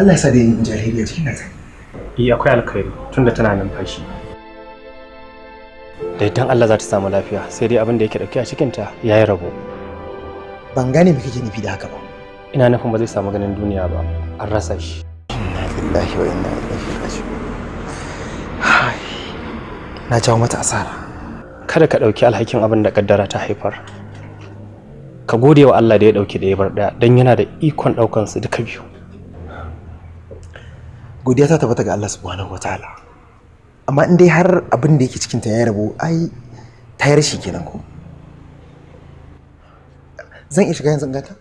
Allah ya sa da yin jahiliya cikin nan eh akwai alkhairi tunda tana numfashi da idan Allah za ta samu lafiya sai dai abin da yake dauke a cikinta ya yi rabo ban gane me kake nufi da haka ba ina nufin ba zai samu ganin duniya ba an rasa shi inna lillahi wa inna ilaihi raji'un na jawo mata asara kada ka dauki alhakin abin da kaddara ta haifar ka gode wa Allah da ya dauki da ya bar ɗaya don yana da ikon daukan su duka biyu godiya ta tabbata ga Allah subhanahu wataala amma in dai har abin da yake cikin ta ya rabo ai ta yar shi kenan ko zan iya shiga yanzu in gata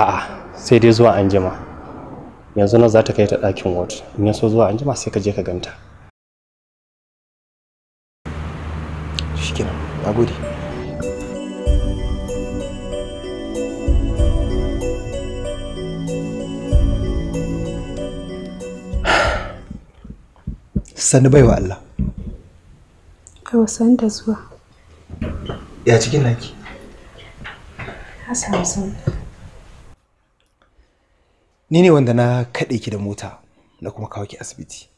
a'a sai dai zuwa anjima yanzu nan za ta kai ta ɗakin ward in ya so zuwa anjima sai ka je ka ganta shikenan nagode sani baiwa Allah yawa san da zuwa ya cikin naki Hassan sun ni ne wanda na kaɗe ki da mota na kuma kawo ki asibiti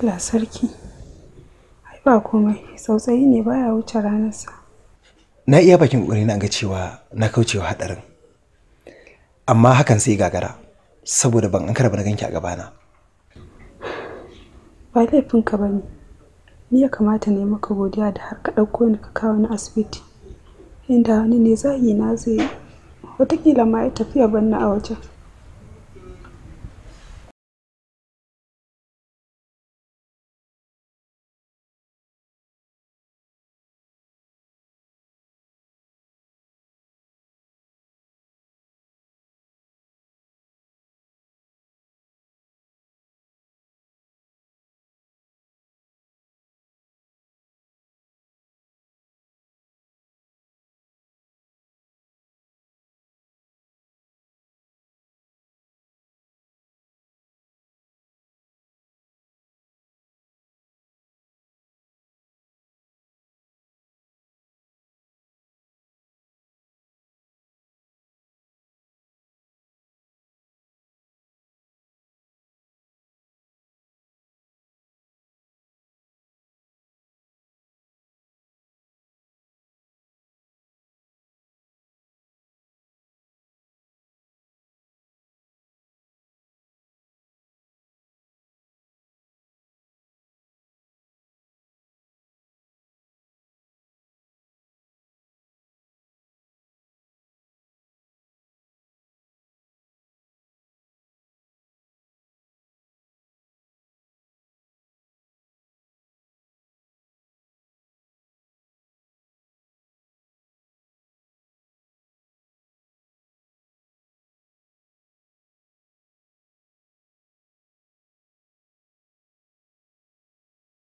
Allah sarki ai ba komai sautsayi ne baya wuce ranarsa na iya bakin ƙuri na ga cewa na kaucewa haɗarin amma hakan sai gagara saboda ban an karaba na ganki a gabana ba laifinka ba ne ni ya kamata ne maka godiya da har ka ɗauko ni ka kawo ni asibiti inda wani ne zagi na zai yi. watakila ma ya tafiya banna a wajen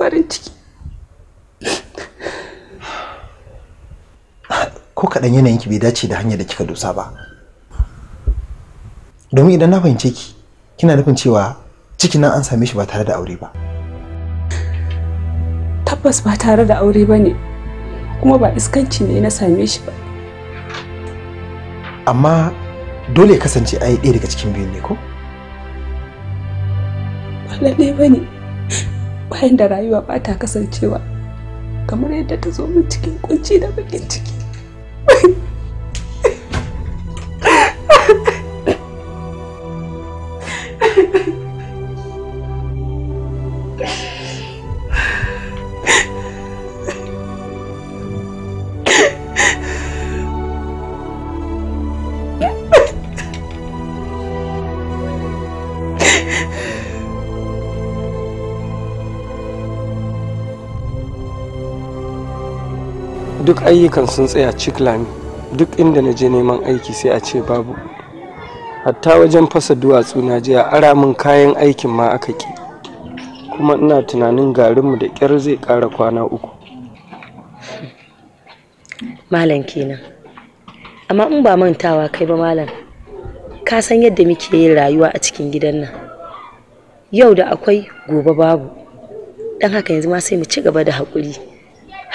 farin ciki ko kaɗan yanayinki bai dace da hanyar da kika dosa ba domin idan na fahimce ki kina nufin cewa ciki na an same shi ba tare da aure ba tabbas ba tare da aure ba ne kuma ba iskanci ne na same shi ba amma dole ya kasance ai ɗaya daga cikin biyun ne ko? ba lalle ba ne bayan da rayuwa ba ta kasancewa kamar yadda ta zo min cikin kunci da bakin ciki ayyukan sun tsaya cik lami duk inda na je neman aiki sai a ce babu hatta wajen fasa duwatsu na je a ara min kayan aikin ma aka ki kuma ina tunanin garinmu da ƙyar zai ƙara kwana uku malam kenan amma in ba mantawa kai ba malam ka san yadda muke yin rayuwa a cikin gidan nan yau da akwai gobe babu don haka yanzu ma sai mu ci gaba da haƙuri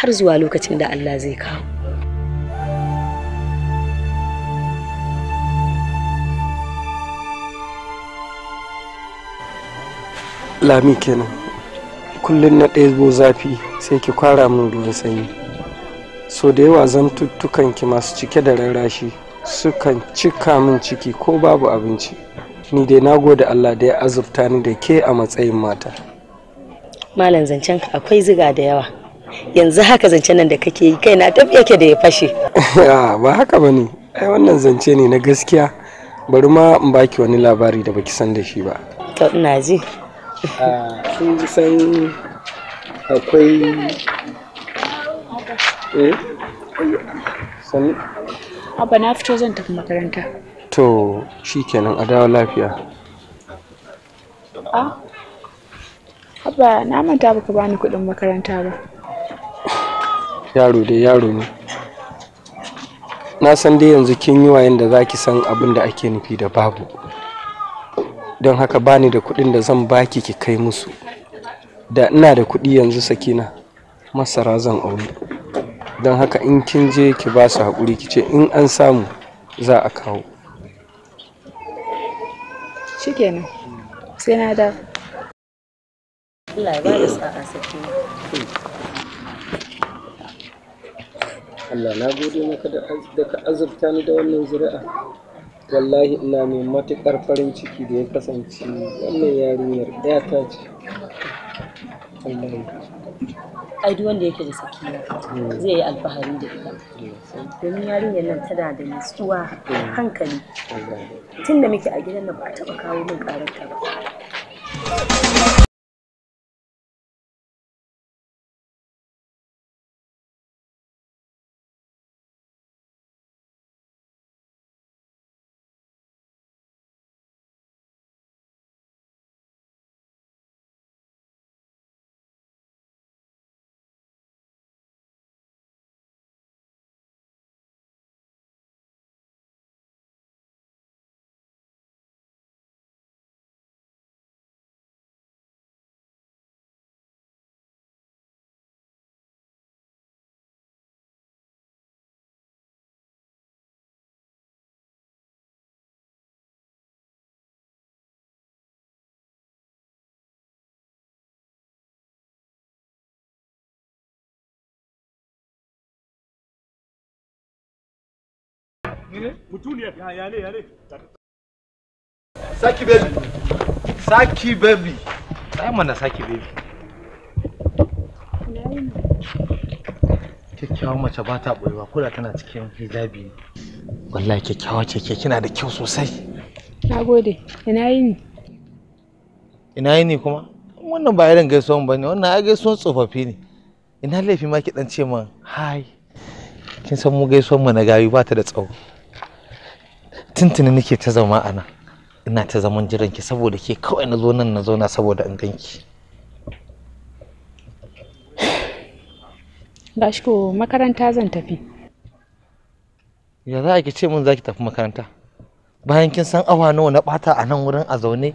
har zuwa lokacin da Allah zai kawo lami kenan kullum na ɗaya zo zafi sai ki kwara min ruwan sanyi so da yawa zan ki masu cike da rarrashi sukan cika min ciki ko babu abinci ni dai na gode Allah da ya azurta ni da ke a matsayin mata malam zancen akwai ziga da yawa yanzu haka zance nan da kake yi kai na tafi yake da ya fashe ba haka ba ne ai wannan zance ne na gaskiya bari ma in baki wani labari da baki san da shi ba to ina ji sun ah, san akwai eh? abba na fito zan tafi makaranta to shi kenan a dawo lafiya a ah, abba na manta baka bani kudin makaranta ba yaro dai yaro ne na san dai yanzu kin yi wayan da zaki san abin da ake nufi da babu don haka bani da kuɗin da zan baki ki kai musu da ina da kuɗi yanzu sakina masara zan auri don haka in kin je ki ba su haƙuri ki ce in an samu za a kawo shikenan sai na da Allah ya ba sa'a sakina Allah na gode maka da ka azabta ni da wannan zuri'a wallahi ina mai matuƙar farin ciki da ya kasance wannan yarinyar ɗaya ce wallahi ai duk wanda yake da sakiya hmm. zai yi alfahari da ita domin yarinyar nan tana da nutsuwa hmm. hankali tun da muke a gidan nan ba a taɓa kawo min ƙararta ba mutuniyar ya ya saki baby saki baby sai mana saki baby kyakkyawa mace ba ta ɓoyewa koda tana cikin hijabi wallahi kyakkyawa ce ke kina da kyau sosai na gode ina yini ina yini kuma wannan ba irin gaisuwan ba ne wannan ai gaisuwan tsofaffi ne ina laifi ma ki dan ce min hi kin san mu gaisuwan mu na gayu ba ta da tsawo tuntuni nake ta zama a nan ina ta zaman jiranki saboda ke kawai na zo nan na zauna saboda in ganki gashi ko makaranta zan tafi ya za a ki ce min za ki tafi makaranta bayan kin san awa nawa na bata a nan wurin a zaune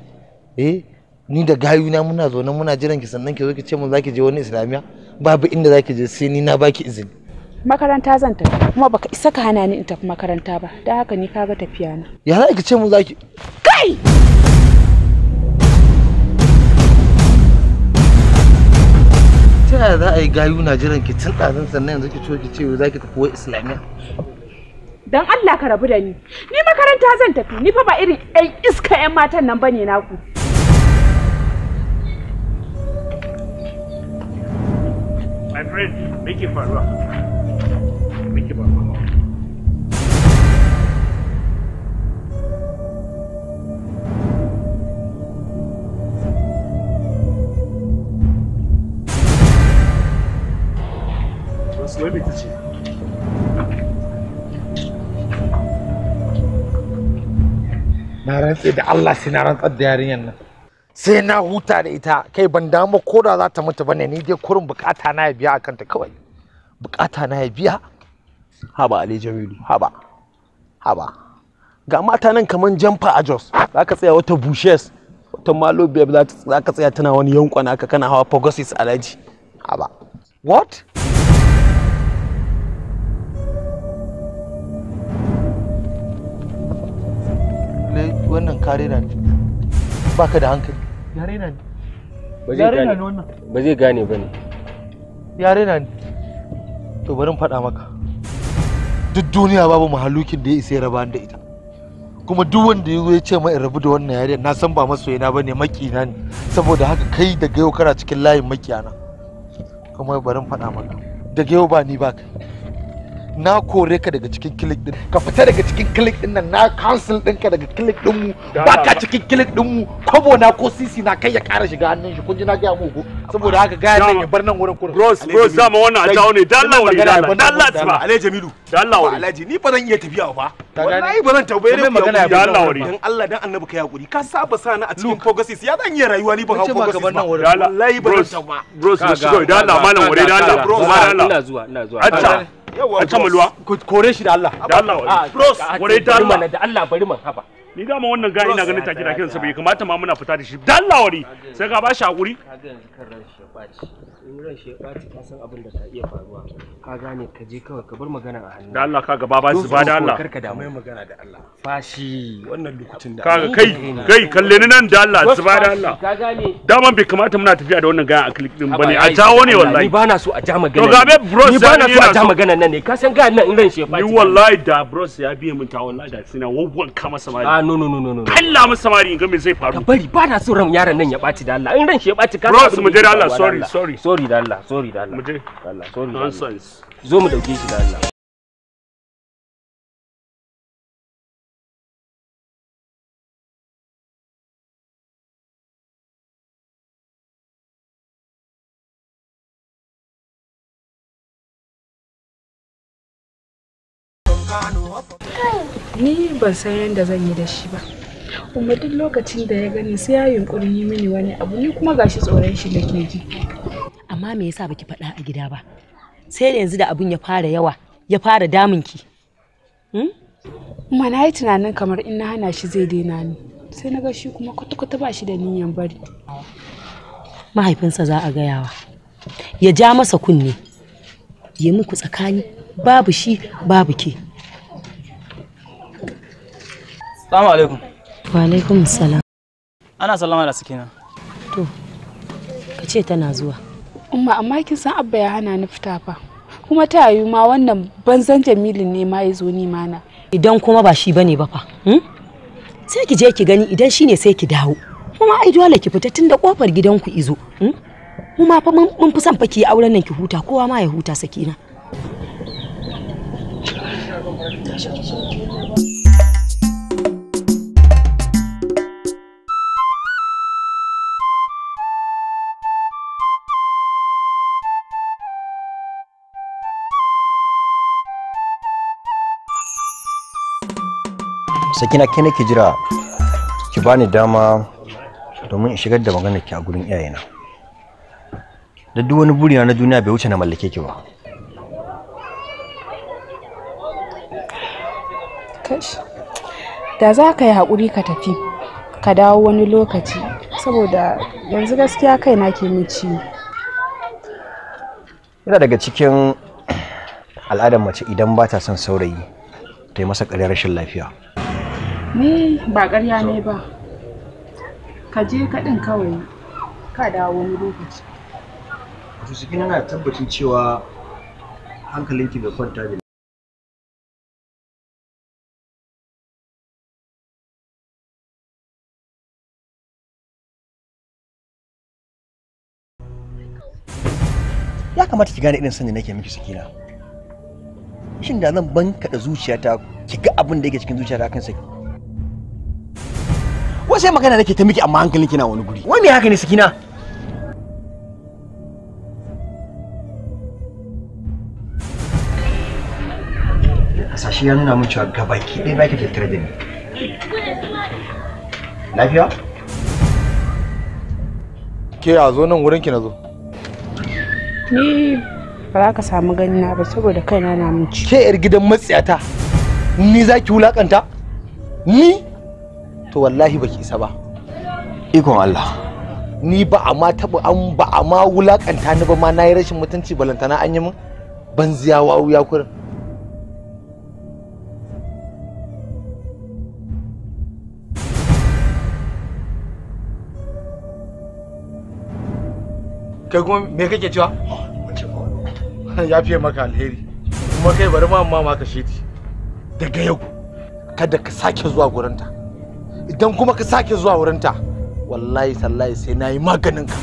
eh ni da gayuna muna zaune muna jiran ki sannan ki zo ki ce min za ki je wani islamiya babu inda za ki je sai ni na baki izini makaranta zan tafi kuma baka isa ka hana ni in tafi makaranta ba dan haka ni kaga tafiya na ya za ki ce mu zaki kai ta yaya za a yi gayu na jiran ki tun ɗazan sannan yanzu ki ciwo ki ce za ki tafi wa islamiyya dan Allah ka rabu da ni ni makaranta zan tafi ni fa ba irin 'yan iska 'yan matan nan bane naku My friend, make it for rock. Make it for rock. Слабите чи? na rantse da Allah sai na rantsar da yarinyar nan sai na huta da ita kai ban damu ko da za ta mutu bane ni dai kurin bukata na ya biya a kanta kawai bukata na ya biya haba ali jamilu haba haba ga mata nan kaman jamfa a jos za ka tsaya wata bushes wata malo babe za ka tsaya tana wani yankwana ka kana hawa pagosis alaji haba what wannan kare ba baka da hankali yare na ne yare na ne wannan ba zai gane ba ne yare na ne to bari faɗa maka duk duniya babu mahalukin da ya isa ya raba da ita kuma duk wanda ya zo ya ce ma in rabu da wannan yare na san ba masoyina ba ne makina ne saboda haka kai daga yau kana cikin layin makiyana kuma bari faɗa maka daga yau ba ni ba kai na kore ka daga cikin click din ka fita daga cikin click din nan na cancel din ka daga click din mu baka cikin click din mu kobo na ko CC na kai ya ƙara shiga hannun shi kun ji na ga mu ko saboda haka ga nan ya bar nan wurin kurin bros bros mu wannan a jawo ne dan Allah wuri dan Allah ba alai jamilu dan Allah wuri alhaji ni ba zan iya tafiya ba wallahi ba zan tauba ne magana dan Allah wuri dan Allah dan annabi kai hakuri ka saba sana a cikin fogasis ya zan iya rayuwa ni ba ka fogasis ba wallahi ba zan tauba bros bros dan Allah malam wuri dan Allah bros ina zuwa ina zuwa ina zuwa a cama luwa kore shi da Allah da Allah bros kore da Allah da Allah bari man haba ni da ma wannan gani ina ganin take da kansa bai kamata ma muna fita da shi da Allah wari sai ka ba shi hakuri kaga yanzu kan ran shi ba in ran shi ya ka san abin da ka iya faruwa ka gane ka je kawai ka bar magana a hannu da Allah ka gaba ba su ba da Allah karka da mai magana da Allah fashi wannan lokacin da kaga kai kai kalle ni nan da Allah su ba da Allah ka gane daman bai kamata muna tafiya da wannan gaya a click din bane a jawo ne wallahi ni bana so a ja magana to gabe bros ni bana so a ja magana nan ne ka san ga nan in ran ni wallahi da bros ya biye mun ta wallahi da sina wawwan kama samari a ah, no no no no no kalla ga me zai faru ka bari bana so ran yaron nan ya ɓaci da Allah in ran shi ka bros mu je da Allah sorry sorry sorry da Allah sorry da Allah Allah sorry nonsense zo mu dauke shi da Allah Ni ban san yadda zan yi da shi ba. Kuma duk lokacin da ya gani sai ya yunkuri mini wani abu ni kuma gashi tsoron shi nake ji. amma me yasa baki faɗa a gida ba sai da yanzu da abun ya fara yawa ya fara damunki hmm? mana yi tunanin kamar in na hana shi zai daina ni sai na ga shi kuma kwata-kwata ba shi da niyan bari mahaifinsa za a gayawa ya ja masa kunne ya muku tsakani babu shi babu ke salamu alaikum wa alaikum salam ana salama da sakina to ka ce tana zuwa Umma amma kin san Abba ya hana ni fita fa. Kuma ta yi ma wannan banzan jamilu ne ma ya zo ni mana. Idan kuma ba shi bane ba fa. Hmm? Sai ki je ki gani idan shi ne sai ki dawo. Kuma ai dole ki fita tunda kofar gidanku izo. Kuma hmm? fa mun fi son fa ki auren nan ki huta kowa ma ya huta sakina. sakina ke nake jira ki bani dama domin in shigar da maganar ki a gurin iyayena da duk wani burina na duniya bai wuce na mallake ki ba da za ka yi haƙuri ka tafi ka dawo wani lokaci saboda yanzu gaskiya kai na ke min yana daga cikin al'adar mace idan ba ta son saurayi ta yi masa ƙarya rashin lafiya Ni ba ƙarya ne ba. Ka je kaɗin kawai ka dawo wani lokaci. Wato cikin yana tabbacin cewa hankalinki bai kwanta ne. ya kamata ki gane irin sanda nake miki sakina shin da zan banka da zuciyata ki ga abin da yake cikin zuciyata kansa kuma sai magana nake ta miki amma hankalinki na wani guri wani haka ne sikina hasashe ya nuna mun cewa gabaki ɗaya ba ki tattare da ni lafiya ke a zo nan wurin ki na zo ni ba za ka samu gani na ba saboda kaina na mun ci ke yar gidan matsiyata ni za ki wulakanta ni to wallahi baki isa ba ikon Allah ni ba a ma taɓa an ba a ma wulakanta ni ba ma na yi rashin mutunci balantana an yi min ban ziyawa wuya kurin kai kuma me kake cewa ya fiye maka alheri kuma kai bari ma ma ka shi daga yau kada ka sake zuwa gurinta idan kuma ka sake zuwa wurinta wallahi sallahi sai na yi maganin ka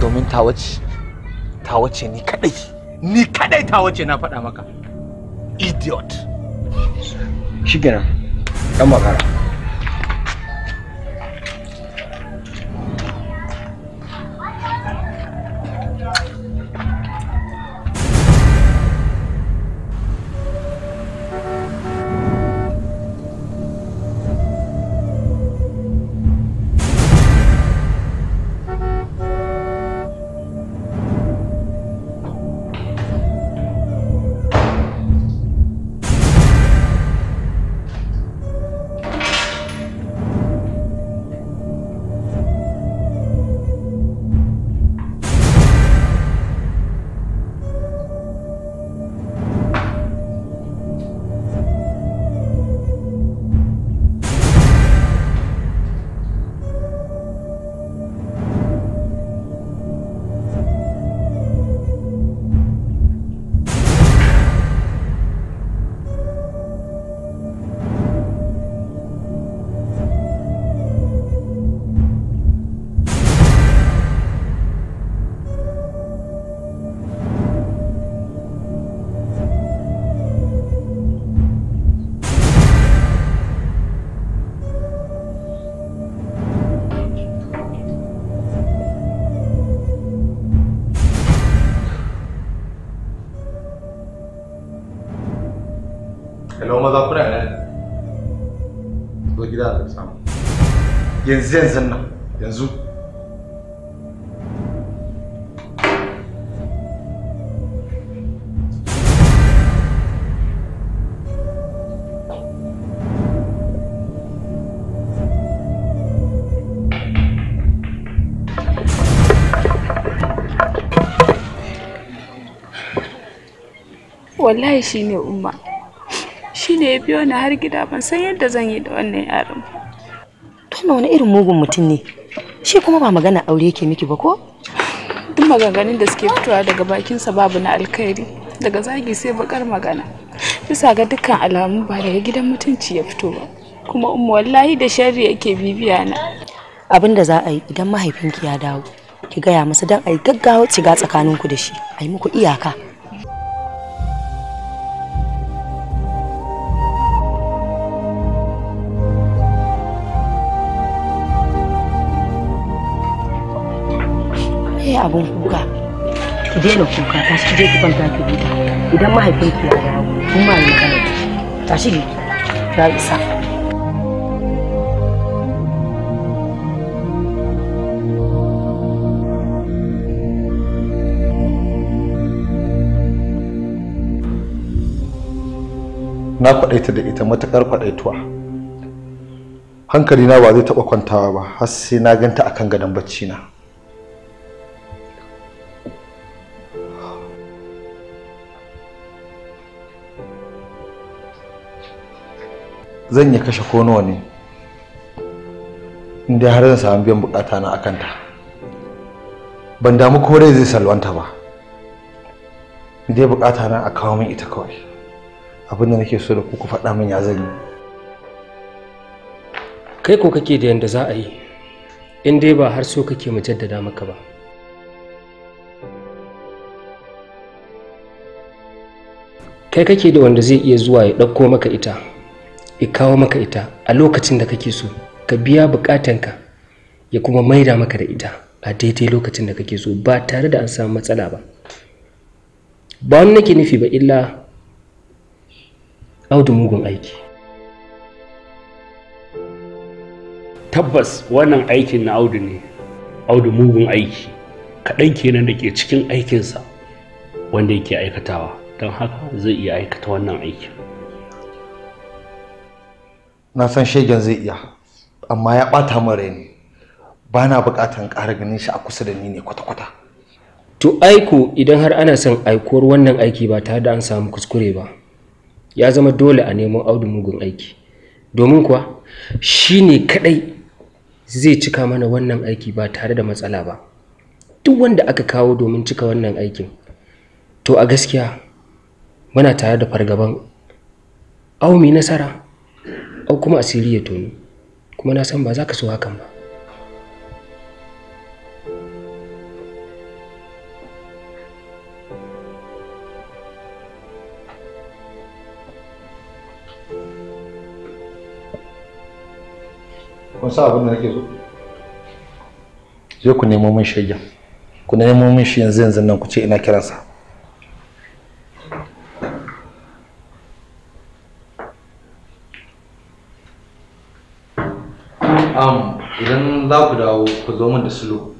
domin ta wace ni kadai ni kadai ta wace na faɗa maka idiot shi kenan ɗan makara yanzu yanzu nan yanzu wallahi shine umma shine ya biyo ni har gida ban san yadda zan yi da wannan yaron Fatima wani irin mugun mutum ne. Shi kuma ba magana aure yake miki ba ko? Duk maganganun da suke fitowa daga bakinsa babu na alkhairi. Daga zagi sai bakar magana. Bisa ga dukkan alamu ba daga gidan mutunci ya fito ba. Kuma umma wallahi da sharri yake bibiya na. Abin da za a yi idan mahaifinki ya dawo, ki gaya masa don a yi gaggawa shiga tsakaninku da shi, a yi muku iyaka. abin kuka ki daina kuka ta shi je ki kwanta ki huta idan ki ya dawo kun ma yi magana tashi ki ta isa na kwadaita da ita matukar kwadaituwa hankali na ba zai taɓa kwantawa ba har sai na ganta akan gadon bacci na zan iya kashe ko nawa ne inda har zan samu biyan bukata na akanta ban damu ko dai zai salwanta ba dai bukata na a kawo min ita kawai abin da nake so da ku ku faɗa min ya zan yi kai ko kake da yanda za a yi in dai ba har so kake mu jaddada maka ba kai kake da wanda zai iya zuwa ya ɗauko maka ita ya kawo maka ita a lokacin da kake so ka biya bukatanka ya kuma maida maka da ita a daidai lokacin da kake so ba tare da an samu matsala ba ba wani nake nufi ba illa audu mugun aiki tabbas wannan aikin na audu ne audu mugun aiki kaɗan kenan da ke cikin aikinsa wanda yake aikatawa don haka zai iya aikata wannan aikin na san shegen zai iya amma ya ɓata min raini. ba na buƙatar ƙara ganin shi a kusa da ni ne kwata-kwata to aiko idan har ana son aikuwar wannan aiki ba tare da an samu kuskure ba ya zama dole a neman audu mugun aiki domin kuwa shi ne kaɗai zai cika mana wannan aiki ba tare da matsala ba duk wanda aka kawo domin cika wannan aikin to a gaskiya muna tare da fargaban aumi nasara au kuma asiri ya tono kuma na san ba za ka so hakan ba kun sa abin da nake so je ku nemo min shi ku nemo min shi yanzu yanzu nan ku ce ina kiransa za ku dawo ku zo min da sulu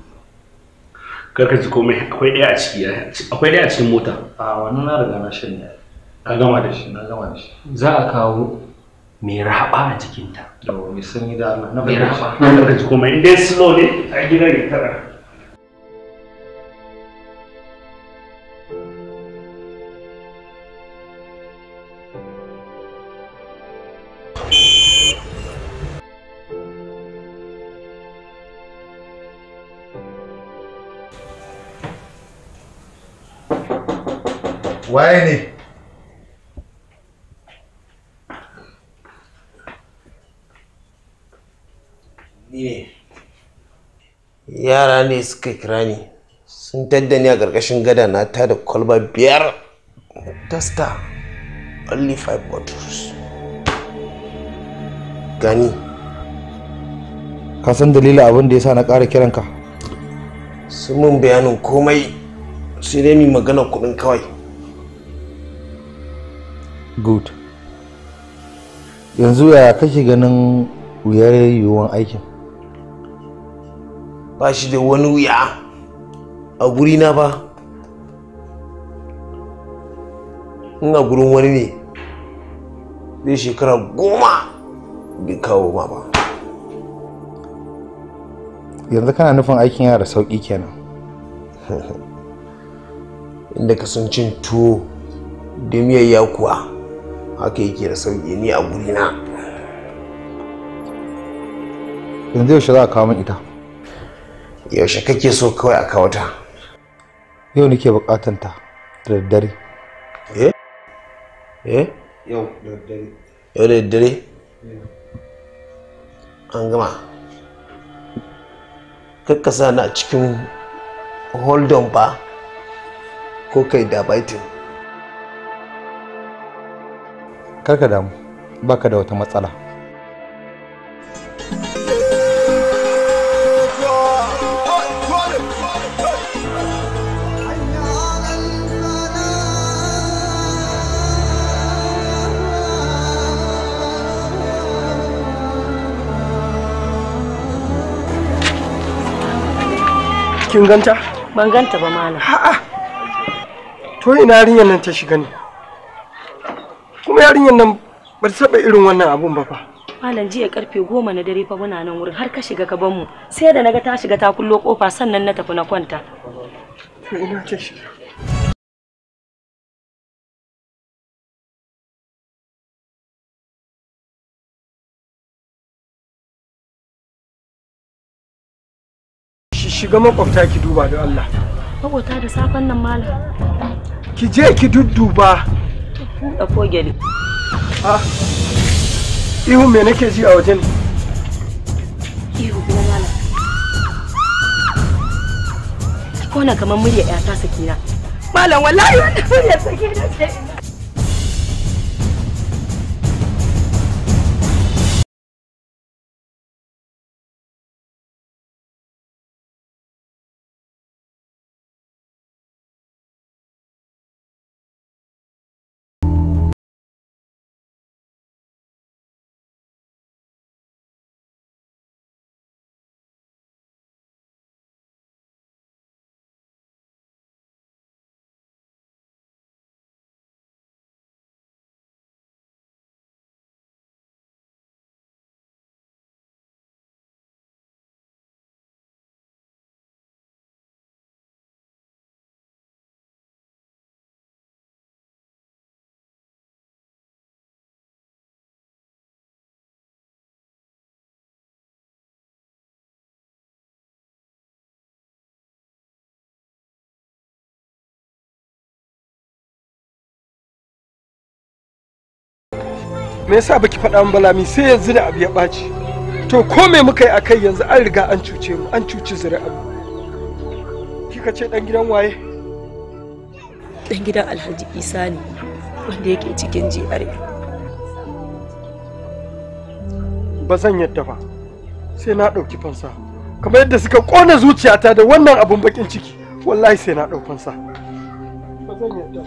karka ji komai akwai ɗaya a ciki akwai ɗaya a cikin mota a wannan na riga na shirya ka gama da shi na gama da shi za a kawo mai raba a jikinta da mai sanyi da Allah na bai raba na ji komai in dai sulu ne a gidan ya tara waye ne yara ne suka kira ni sun tadda ni a ƙarƙashin gada na ta da kwalba biyar tasta only five bottles gani ka san dalilin abin da ya sa na ƙara kiranka sun mun bayanin komai sai dai mai magana kuɗin kawai good yanzu ya kake ganin wuyar yiwuwan aikin ba shi da wani wuya a guri na ba ina gurin wani ne zai shekara goma bai kawo ma ba yanzu kana nufin aikin yana da sauƙi kenan inda ka cin tuwo da miyayya kuwa haka yake da sauƙi ni a gurina yanzu yaushe za a kawo min ita yaushe kake so kawai a kawo ta yau nake buƙatan ta da daddare eh eh yau da daddare yau da daddare an gama kakkasa na cikin hold on ba ko kai da baitin karka damu baka da wata matsala kin ganta? Ban ganta ba malam. A'a. To ina yarinyar nan ta shiga ne? kuma yarinyar nan ba ta saba irin wannan abun ba fa malam jiya karfe goma na dare fa muna nan wurin har ka shiga gaban mu sai da naga ta shiga ta kullo kofa sannan na tafi na kwanta to ina ce shiga shiga makwabta ki duba da Allah. Makwabta da safen nan malam. Ki je ki dudduba Ɗauko gyale. Ah, ihun me nake ji a waje ne? Ihu kuma malam. Kona kamar murya 'ya ta sakina. Malam wallahi wannan murya sakina me yasa baki faɗa min balami sai yanzu da abu ya ɓaci to ko me muka yi akai yanzu an riga an cuce mu an cuci zuri'ar kika ce dan gidan waye dan gidan alhaji isa ne wanda yake cikin jihar ba zan yadda ba sai na ɗauki fansa kamar yadda suka ƙona zuciyata da wannan abun bakin ciki wallahi sai na ɗau fansa ba zan yadda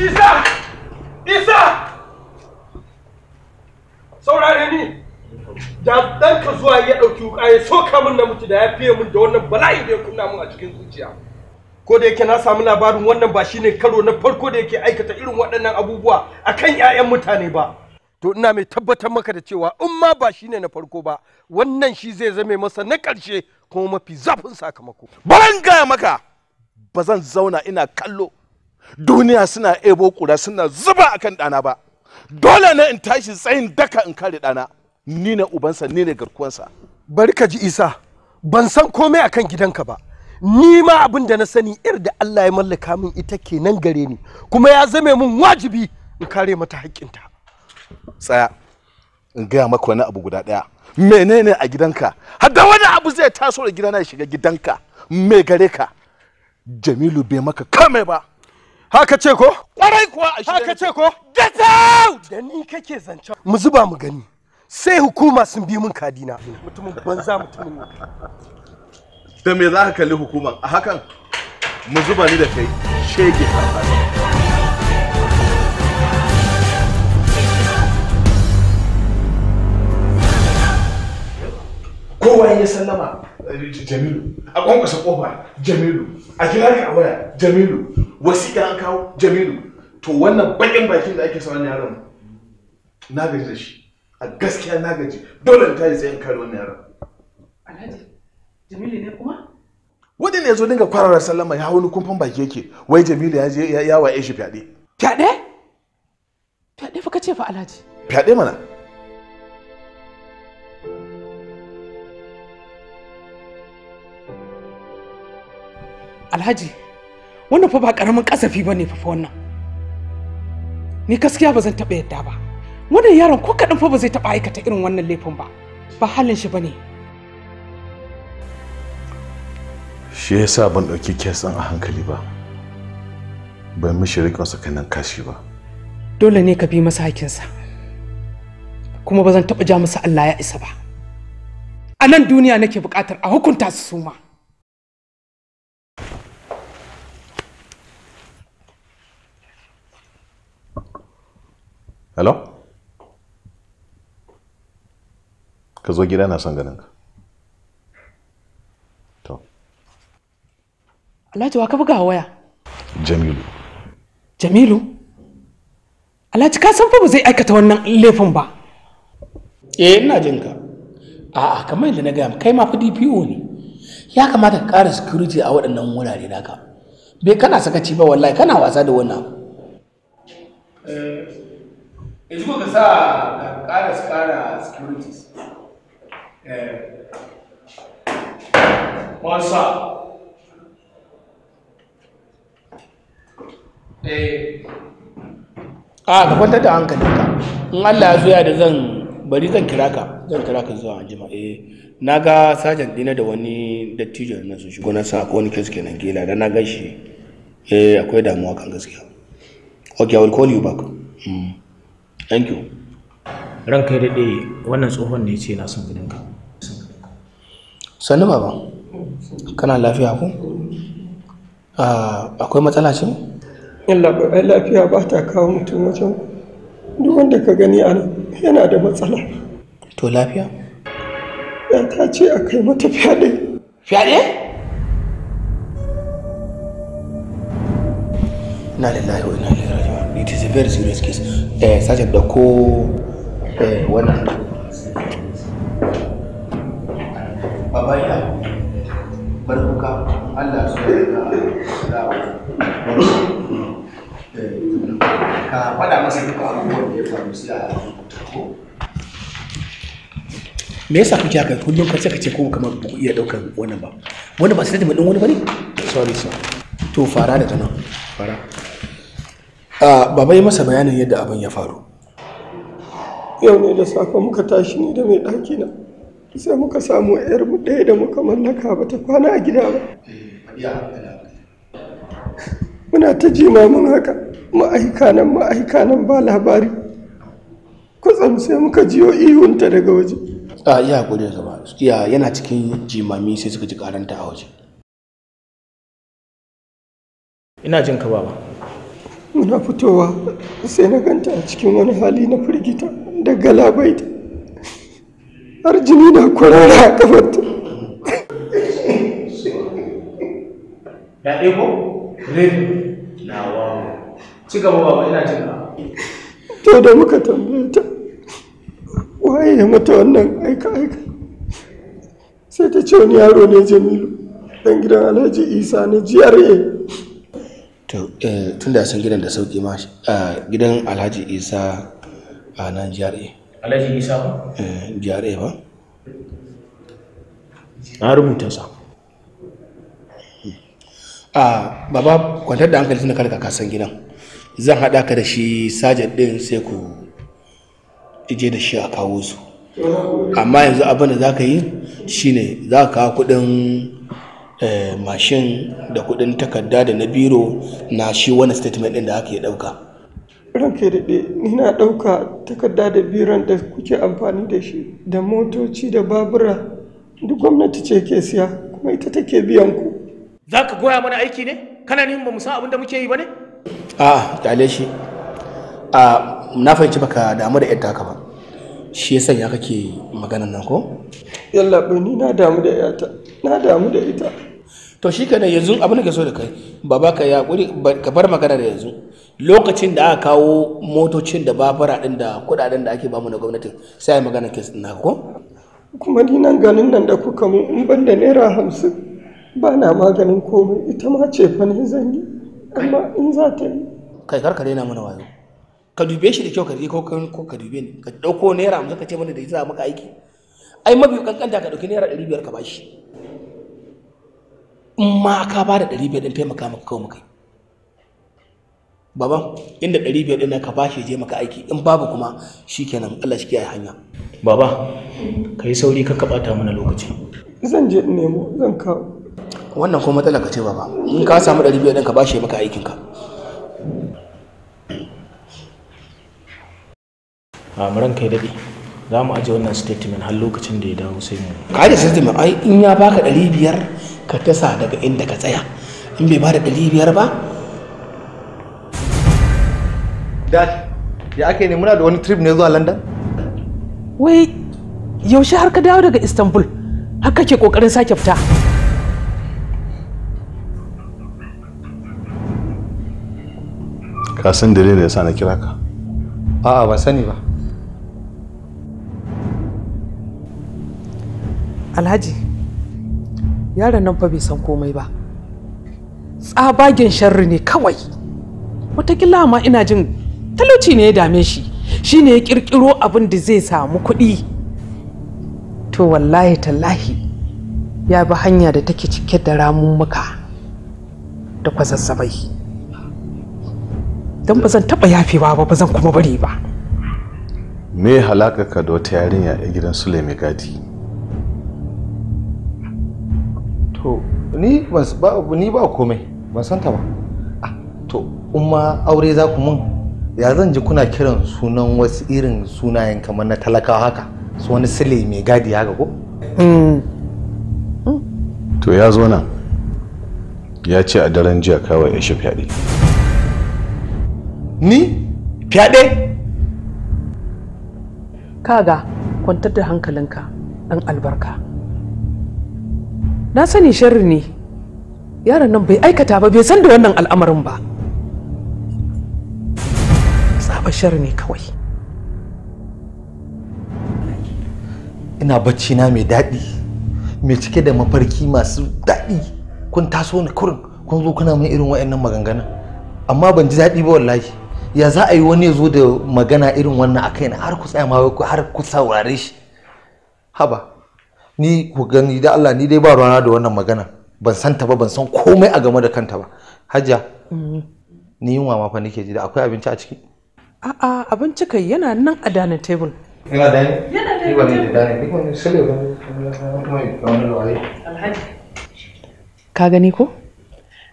isa isa saurare ni da ɗanka zuwa ya ɗauki wuƙa ya soka min na mutu da ya fiye min da wannan bala'i da ya kunna min a cikin zuciya ko da yake na samu labarin wannan ba shine karo na farko da yake aikata irin waɗannan abubuwa a kan 'ya'yan mutane ba to ina mai tabbatar maka da cewa in ma ba shine na farko ba wannan shi zai zame masa na ƙarshe kuma mafi zafin sakamako ban gaya maka ba zan zauna ina kallo duniya suna ebo kura suna zuba akan ɗana ba dole ne in tashi tsayin daka in kare ɗana ni ne ubansa ni ne garkuwansa bari ka ji isa ban san komai akan gidanka ba ni ma abin da na sani ir da Allah ya mallaka min ita kenan gare ni kuma ya zame min wajibi in kare mata haƙƙinta tsaya in gaya maka wani abu guda ɗaya menene a gidanka har da wani abu zai taso da gidana ya shiga gidanka me gare ka jamilu bai maka kamai ba haka ce ko kwarai kuwa a haka ce ko get out da ni kake zancen mu zuba mu gani sai hukuma sun bi mun kadina mutumin banza mutumin da me za ka kalli hukuman a hakan mu zuba ni da kai shege ta. kowa ya sallama Jamilu a kwankwasa kofa Jamilu a kira ka a waya Jamilu wasiƙa an kawo Jamilu to wannan bakin bakin da ake sa wannan yaron na gaji da shi a gaskiya na gaji dole ta yi tsayin kare wannan yaron Jamilu ne kuma Wadin ya zo dinga kwararar sallama ya wani kumfan baki yake wai Jamilu ya je ya waye shi fyaɗe. Fyaɗe? Fyaɗe fa ka ce fa Alhaji. Fyaɗe mana. alhaji wannan fa ba karamin kasafi ba ne fa wannan ni gaskiya ba zan taɓa yadda ba wannan yaron ko kaɗan fa ba zai taɓa aikata irin wannan laifin ba ba halin shi ba ne shi yasa ban ɗauki kyasan a hankali ba ban mishi riƙon tsakanin kashi ba dole ne ka bi masa hakinsa kuma ba zan taɓa ja masa Allah ya isa ba a nan duniya nake buƙatar a hukunta su suma. hello ka zo gida na son ganin ka to alhaji wa ka buga waya jamilu jamilu alhaji ka san fa ba zai aikata wannan laifin ba eh ina jin ka a'a kamar yadda na gaya kai ma fa DPO ne ya kamata ka ƙara security a waɗannan wurare naka bai kana sakaci ba wallahi kana wasa da wannan yanzu ji ka sa da ƙara su ƙara securities Masa eh, eh. a ka kwantar da hankalinka in Allah ya zo ya da zan bari zan kira ka zan kira ka zuwa anjima eh na ga sajan dina da wani dattijo na sun shigo na sa ko wani kes kenan gela da na gan shi eh akwai damuwa kan gaskiya okay i will call you back mm. thank you ranka ya daɗe wannan tsohon ne ce na son gidanka sannu baba kana lafiya ko ah, akwai matsala ce ai lafiya ba ta kawo mutum wajen duk wanda ka gani a nan yana da matsala to lafiya ya ta ce a kai mata fyaɗe fyaɗe na lillahi wa inna it is a very serious case Uh, sashen ko baba kuka Allah su eh, a ko me yasa kuke haka kullum ka ka ce ko kamar ku iya daukan wannan ba wannan ba sai da mu din wani bane sorry sir to fara da tana fara baba yi masa bayanin yadda abin ya faru yau ne da safe muka tashi ni da mai ɗaki na sai muka samu yar mu ɗaya da muka mallaka ba ta kwana a gida ba muna ta jimamin haka ma'aika nan ma'aika nan ba labari kwatsam sai muka jiyo ihunta daga waje a iya zama iya yana cikin jimami sai suka ji karanta a waje ina jin ka baba muna fitowa sai na ganta a cikin wani hali na firgita da galabaita har jini na kwarara a kafarta ya rin na wawo ci gaba ina jin to da muka tambaye ta waye ya mata wannan aika aika sai ta ce wani yaro ne jamilu dan gidan alhaji isa na GRA Eh, tun da san gidan da sauƙi ma gidan alhaji isa a nan jare alhaji isa ba? Eh, jare ba na rubuta sa a baba kwantar da hankali suna da kasan ka gidan zan haɗa ka da shi saja ɗin sai ku ije da shi a kawo su amma yanzu abin da za ka yi shine za ka kawo kuɗin Eh, mashin da kudin takarda da na biro na shi wani statement din da aka yi dauka ranke daɗe ni na ɗauka takarda da biron da kuke amfani da shi da motoci da babura duk gwamnati ce ke siya kuma ita take biyan ku za ka goya mana aiki ne kana nihin ba mu san abin da muke yi ba ne a tale shi a na fahimci baka damu da yadda ka ba shi yasa ya kake maganan nan ko yalla ni na damu da yata na damu da ita to shi kenan yanzu abin da ka so da kai baba ka yaƙuri ka bar magana da yanzu lokacin da aka kawo motocin da babura ɗin da kuɗaɗen da ake bamu na gwamnatin sai a magana kes din ko kuma ni nan ganin nan da kuka mu in ban da naira hamsin ba na maganin komai ita ma ce fa ne zan yi amma in za ta yi kai kar ka daina mana wayo ka dube shi da kyau ka je ko ka dube ni ka ɗauko naira hamsin ka ce mana da ita za maka aiki ai mafi kankanta ka ɗauki naira ɗari biyar ka bashi in ma ka ba da ɗari biyar ɗin taimaka maka kawai muka yi baban inda ɗari biyar ɗin ka bashi je maka aiki in babu kuma shi kenan Allah shi kiyaye hanya baba ka yi sauri ka kaɓata mana lokaci zan je in nemo zan kawo wannan kuma matsala ka ce baba in ka samu ɗari biyar ɗin ka bashi maka aikin ka a muran kai daɗi za mu aje wannan statement har lokacin da ya dawo sai mu ka aje statement ai in ya baka ɗari biyar ka tasa daga inda ka tsaya in bai bada ɗari biyar ba dad ya ake ne muna da wani trip ne zuwa london wai yaushe har ka dawo daga istanbul har kake kokarin sake fita ka san dalilin da yasa na kira ka a'a ba sani ba alhaji yaron nan fa bai san komai ba tsabagen sharri ne kawai watakila ma ina jin talauci ne ya dame shi shi ne ya kirkiro abin da zai samu kuɗi to wallahi tallahi ya bi hanya da take cike da ramummuka da kwazazzabai don ba zan taɓa yafewa ba ba zan kuma bari ba me halaka ka da wata yarinya a gidan sule mai gadi ni ba ni ba komai ban san ta ba ah, to umma aure za ku mun ya zan ji kuna kiran sunan wasu irin sunayen kamar na talakawa haka su wani sile mai gadi haka ko hmm. Hmm. to ya zo nan ya ce a daren jiya kawai ya shi fyaɗe ni fyaɗe kaga kwantar da hankalinka dan albarka na sani sharri ne yaron nan bai aikata ba bai san da wannan al'amarin ba tsaba sharri ne kawai ina bacci na mai daɗi mai cike da mafarki masu daɗi kun taso ni kurin kun zo kuna mun irin wa'annan maganganun amma ban ji daɗi ba wallahi ya za a yi wani ya zo da magana irin wannan a kaina har ku tsaya ma har ku saurare shi haba ni ku gani da Allah ni dai ba rana da wannan magana ban san ta ba ban san komai a game da kanta ba hajja ni yunwa ma fa nake ji da akwai abinci a ciki a'a abinci kai yana nan a dining table yana da yana da ni da ni ko ni sai ba alhaji ka gani ko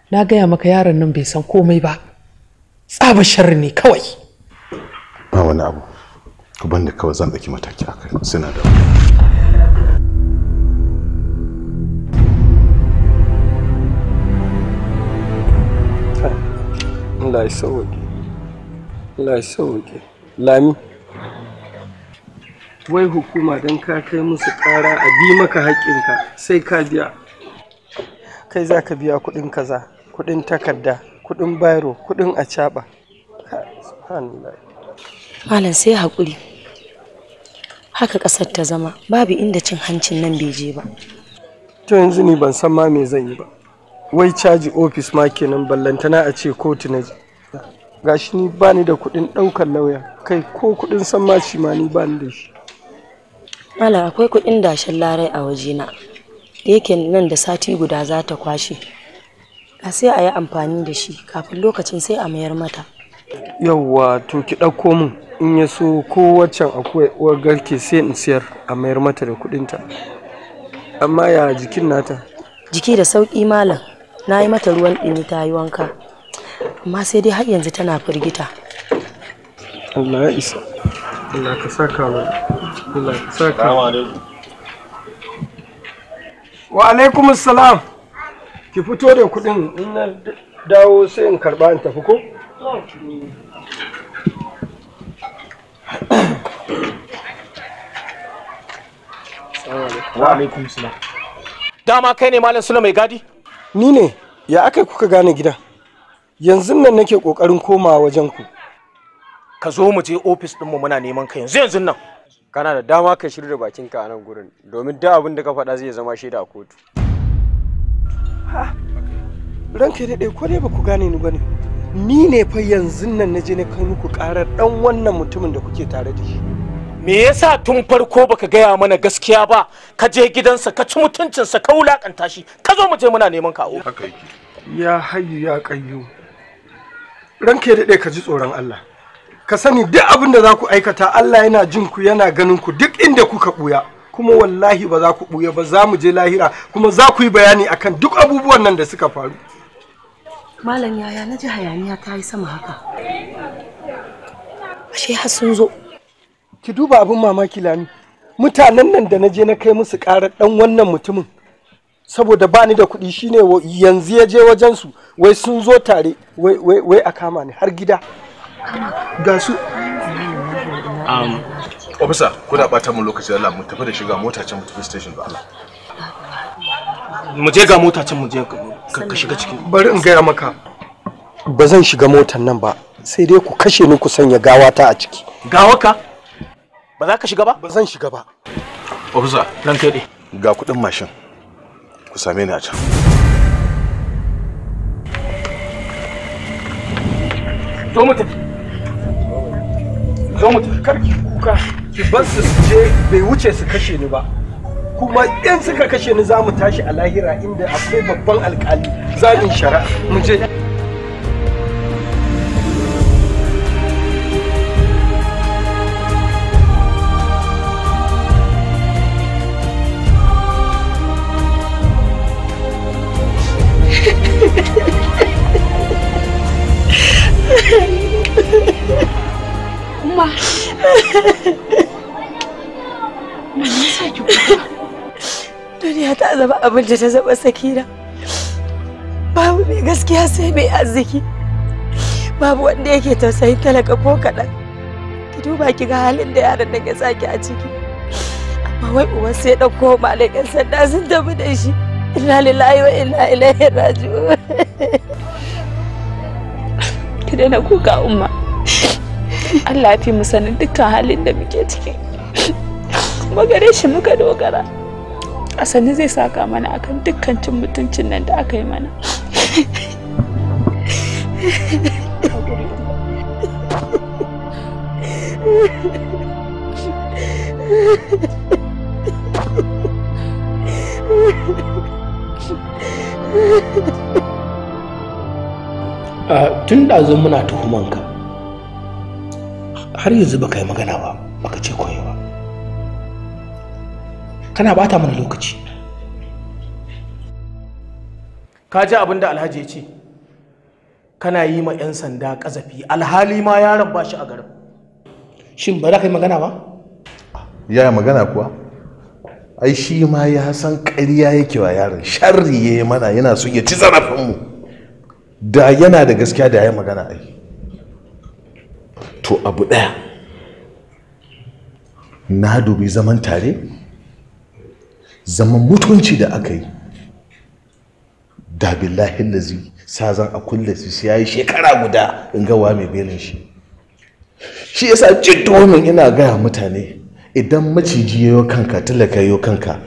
na gaya maka yaron nan bai san komai ba tsaba sharri ne kawai ba wani abu ku banda kawai zan ɗauki mataki akai suna da Allah ya sauke Allah ya sauke lami wai hukuma don ka kai musu ƙara a bi maka haƙƙinka sai ka biya kai za ka biya kuɗin kaza kuɗin takarda kuɗin bayro kuɗin acaɓa malam sai haƙuri haka ƙasar ta zama babu inda cin hancin nan bai je ba to yanzu ni ban san ma me zan yi ba wai caji ofis ma kenan ballantana a ce kotu na gashi ni ba ni da kuɗin ɗaukar lauya kai ko kuɗin sammaci ma ni ba ni da shi mala akwai kuɗin dashen larai a waje wajena yake nan da sati guda za ta kwashe a sai a yi amfani da shi kafin lokacin sai a mayar mata yauwa to ki ɗauko min in ya so ko waccan akwai uwar garke sai in siyar a mayar mata da kuɗinta amma ya jikin nata jiki da sauƙi malam na yi mata ruwan ɗumi ta yi wanka amma sai dai har yanzu tana firgita Allah ya isa Allah ka saka mana Allah ka saka wa alaikum assalam ki fito da kuɗin in na dawo sai in karɓa in tafi ko Wa alaikum salam. Dama kai ne Malam sulaiman mai gadi? Ni ne, ya aka kuka gane gida? Yanzu nan nake kokarin komawa wajen ku. Ka zo mu je ofis mu muna neman ka yanzu yanzu nan. Kana da dama ka shirya bakinka a nan gurin domin duk abin da ka faɗa zai zama shaida a kotu. Ran Ranka daɗe ko dai ba ku gane ni bane Ni ne fa yanzu nan naje je na kai muku ƙarar ɗan wannan mutumin da kuke tare da shi. me yasa tun farko baka gaya mana gaskiya ba ka je gidansa ka ci mutuncinsa ka wulakanta shi ka zo mu je muna neman kawo ya hayyu ya kayyu ranka daɗe ka ji tsoron Allah ka sani duk abin da za ku aikata Allah yana jin ku yana ganin ku duk inda kuka buya kuma wallahi ba za ku buya ba za mu je lahira kuma za ku yi bayani akan duk abubuwan nan da suka faru malam yaya na ji hayaniya ta yi sama haka ashe har sun zo ki duba abin mamaki lami mutanen nan da na je na kai musu karar dan wannan mutumin saboda ba ni da kuɗi shine yanzu ya je wajen su wai sun zo tare wai a kama ni har gida ga su um, ofisa kuna bata mu lokaci Allah mu tafi da shiga mota can mu station ba Allah mu je ga mota can mu je ka shiga ciki bari in gaya maka ba zan shiga motar nan ba sai dai ku kashe ni ku sanya gawata a ciki ka. ba za ka shiga ba ba zan shiga ba ofisa ran kai ga kuɗin mashin ku same ni a can zo mu tafi zo mu tafi ki kuka ki bar su je bai wuce su kashe ni ba kuma in suka kashe ni za mu tashi a lahira inda akwai babban alƙali zamin shari'a mu je Duniya ta zama abin da ta zama sakina. Babu mai gaskiya sai mai arziki. Babu wanda yake tausayin talaka ko kaɗan. Ki duba ki ga halin da yaran da saki a ciki. Amma wai uwar sai ɗauko malai ɗan sanda sun tafi da shi. Inna lillahi wa inna ilaihi raji'un. Ki daina kuka umma. Allah ya fi mu sanin dukkan halin da muke ciki kuma gare shi muka dogara a sani zai saka mana akan dukkan cin mutuncin nan da aka yi mana ah, tun zo muna tuhumanka har yanzu baka yi magana ba baka ce koyo ba kana bata mana lokaci ka ji abin da alhaji ya ce kana yi ma 'yan sanda kazafi alhali ma yaron ba shi a garin shin ba za ka yi magana ba ya magana kuwa ai shi ma ya san ƙarya yake wa yaron sharri ya yi mana yana so ya ci zarafinmu da yana da gaskiya da ya magana ai to abu ɗaya na dubi zaman tare zaman mutunci da aka yi da billahi lazi sazan a kulle su ya yi shekara guda in ga wa mai belin shi shi yasa domin ina gaya mutane idan maciji yayo kanka talaka yayo kanka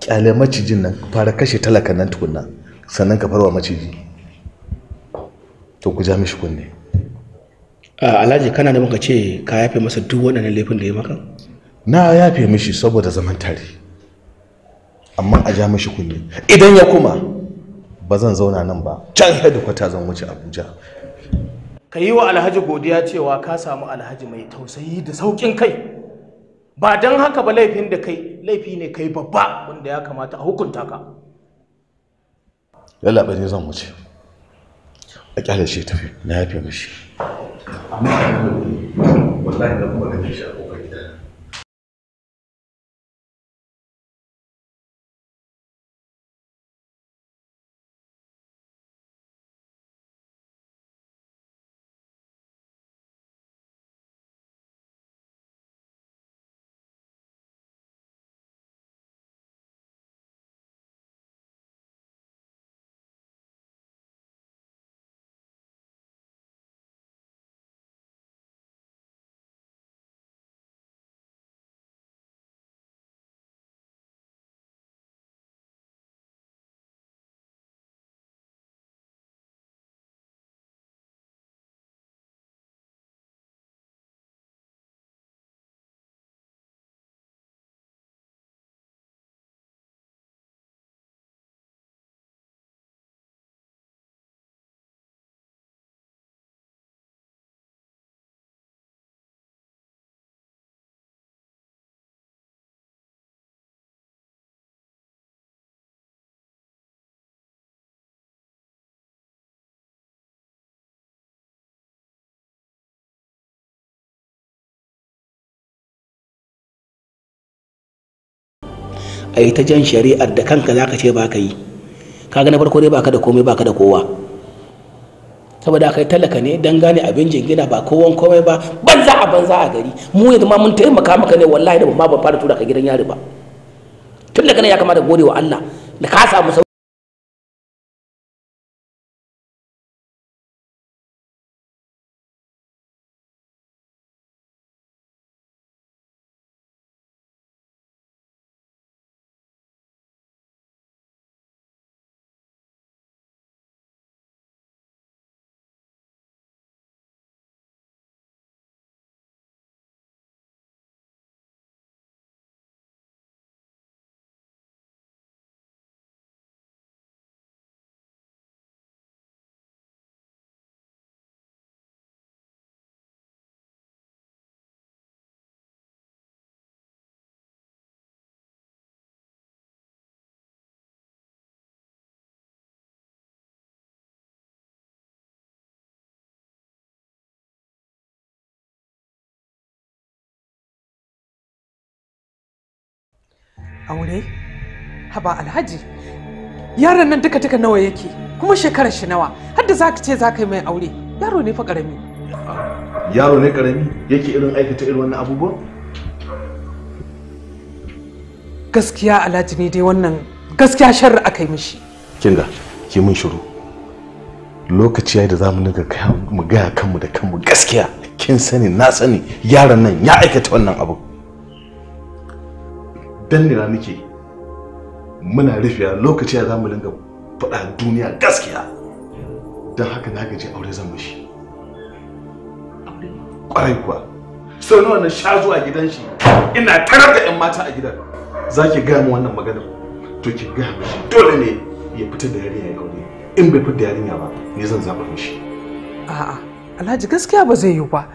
kyale macijin nan fara kashe talaka nan tukunna sannan ka farwa maciji to ku ja mishi kunne alhaji kana da muka ce ka yafe masa duk waɗannan laifin da ya maka na yafe mishi saboda zaman tare amma a ja mishi kunne idan ya kuma ba zan zauna nan ba can kwata zan wuce abuja ka yi wa alhaji godiya cewa ka samu alhaji mai tausayi da saukin kai ba don haka ba laifin da kai laifi ne kai babba wanda ya kamata a hukunta ka yalla ne zan wuce a kyale shi tafi na yafe mishi amma wallahi da kuma da shi a yi ta jan shari'ar da kanka za ka ce ba ka yi kaga na farko dai baka da komai baka da kowa saboda kai talaka ne dan gane abin jingina ba kowan komai ba banza a banza a gari mu yanzu ma mun taimaka maka ne wallahi da ba ma ba fara tura ka gidan yari ba tun daga nan ya kamata gode wa Allah da ka samu aure haba alhaji yaron nan duka duka nawa yake kuma shekarar shi nawa har da zaka ce zaka yi mai aure yaro ne fa karami yaro ne karami yake irin aikata irin wannan abubuwan gaskiya alhaji ne dai wannan gaskiya sharri aka yi mishi kinga ki mun shiru lokaci yayi da zamu dinga mu gaya kanmu da kanmu gaskiya kin sani na sani yaron nan ya aikata wannan abu dannewa nike muna rufiya lokaci a zamu dinga faɗa duniya gaskiya don haka na gaji aure zan mishi ƙwarai kuwa sau nawa na sha zuwa gidan shi ina tarar da 'yan mata a gidan za ki gaya mu wannan magana to ki gaya mishi dole ne ya fitar da yarinya ya aure in bai fitar da yarinya ba ni zan zaɓa mishi a'a alhaji gaskiya ba zai yi ba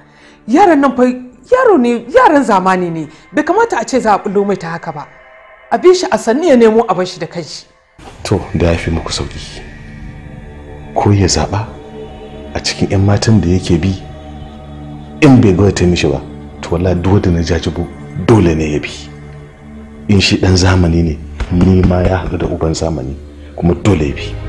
yaran nan fa yaro ne yaran zamani ne bai kamata a ce za a bullo mai ta haka ba a bi shi a sanni ya nemo a shi da kanshi to da ya fi muku sauki ko ya zaba a cikin 'yan matan da yake bi in bai gwada ta mishi ba to wala duk da na jajibu dole ne ya bi in shi dan zamani ne ni ma ya haɗu da uban zamani kuma dole ya bi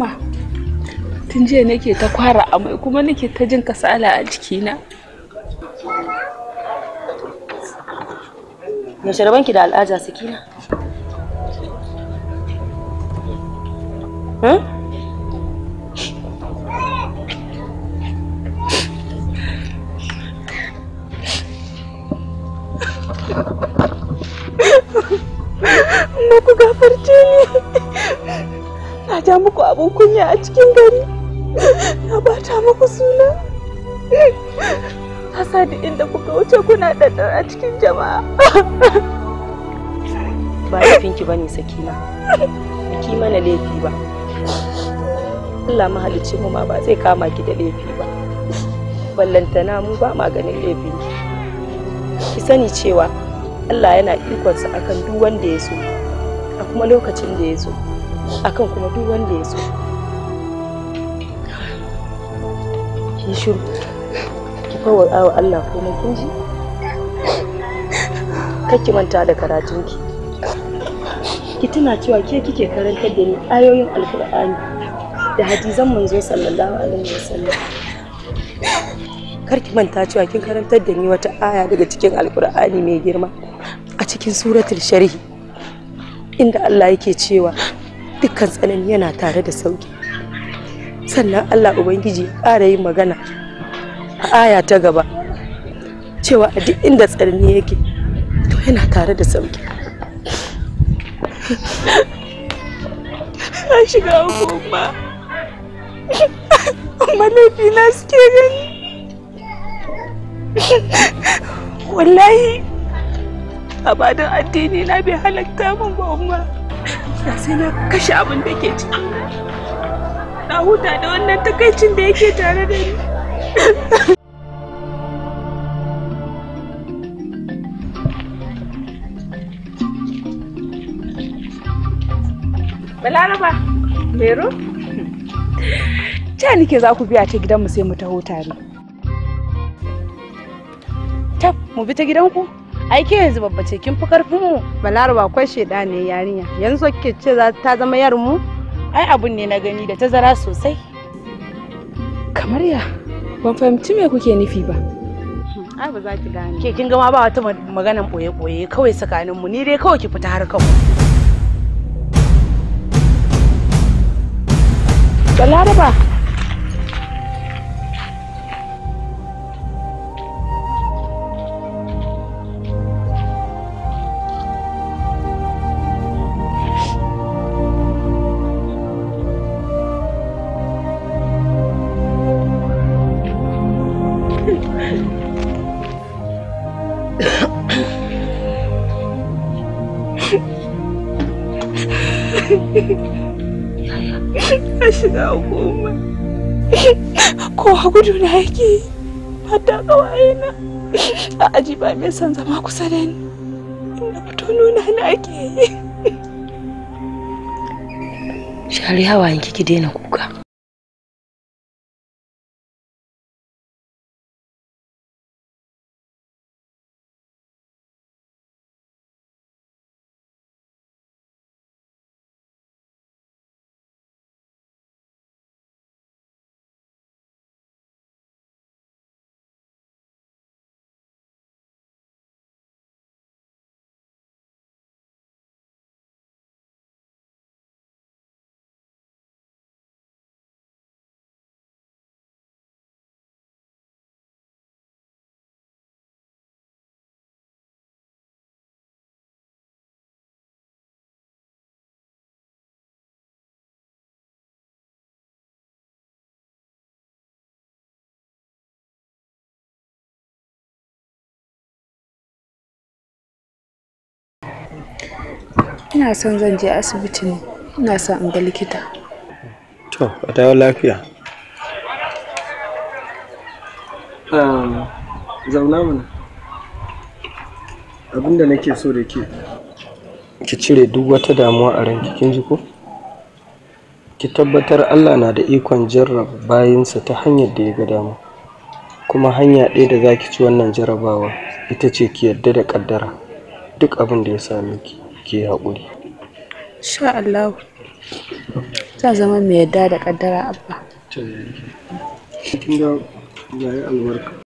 Ma, tun jiya nake ta kwara amai kuma nake ta jin kasala a jikina. Yaushe da ki da al'aja sakina? Na hmm? ku bata muku abin kunya a cikin gari na bata muku suna hasa da inda kuka wuce kuna ɗaɗɗar a cikin jama'a ba laifinki ba ne sakina ki mana laifi ba Allah mahalicci mu ma ba zai kama ki da laifi ba ballantana mu ba maganin ganin laifi ki sani cewa Allah yana ikonsa akan duk wanda ya so a kuma lokacin da ya zo. akan kuma duk wanda ya so ki shiru ki fawar awa Allah komai kin ji kake manta da karatunki ki tuna cewa ke kike karantar da ni ayoyin alkur'ani da hadizan manzo sallallahu alaihi wasallam kar ki manta cewa kin karantar da ni wata aya daga cikin alkur'ani mai girma a cikin suratul sharhi inda Allah yake cewa dukkan tsanani yana tare da sauki sannan Allah Ubangiji ƙara yin magana a aya ta gaba cewa a duk inda tsanani yake to yana tare da sauki na shiga hukuma amma laifina suke gani wallahi abadan addini na bai halatta min ba umma da sai na kashe abin da ke ciki na huta da wannan takaicin da yake tare da ni Balaraba, Mero? Ta nike za ku biya ta gidanmu sai mu taho tare. Tab, mu bi ta gidanku? ai ke yanzu babba ce kin fi karfin mu balaraba kwai sheda ne yarinya yanzu ke ce ta zama yar mu ai abun ne na gani da tazara sosai kamar ya ban fahimci me kuke nufi ba hmm, ai ba za ki gane ke kin gama ba wata maganan boye boye kawai tsakanin mu ni dai kawai ki fita har kawai balaraba ya shiga goma kowa gudu na yake hatta kawai a aji ba mai son zama kusa da ni inda fito nuna na ake yi shari hawayen kiki daina ku ina son zan je asibiti ne ina son in ga likita to a dawo lafiya zauna mana abinda nake so da ke ki cire duk wata damuwa a ranki kin ji ko ki tabbatar Allah na da ikon jarraba bayinsa ta hanyar da ya ga dama kuma hanya ɗaya da za ki ci wannan jarrabawa ita ce ki yarda da ƙaddara duk abin da ya same ki ke haƙuri sha Allah ta zama mai yarda da kaddara abba kin ga yi albarka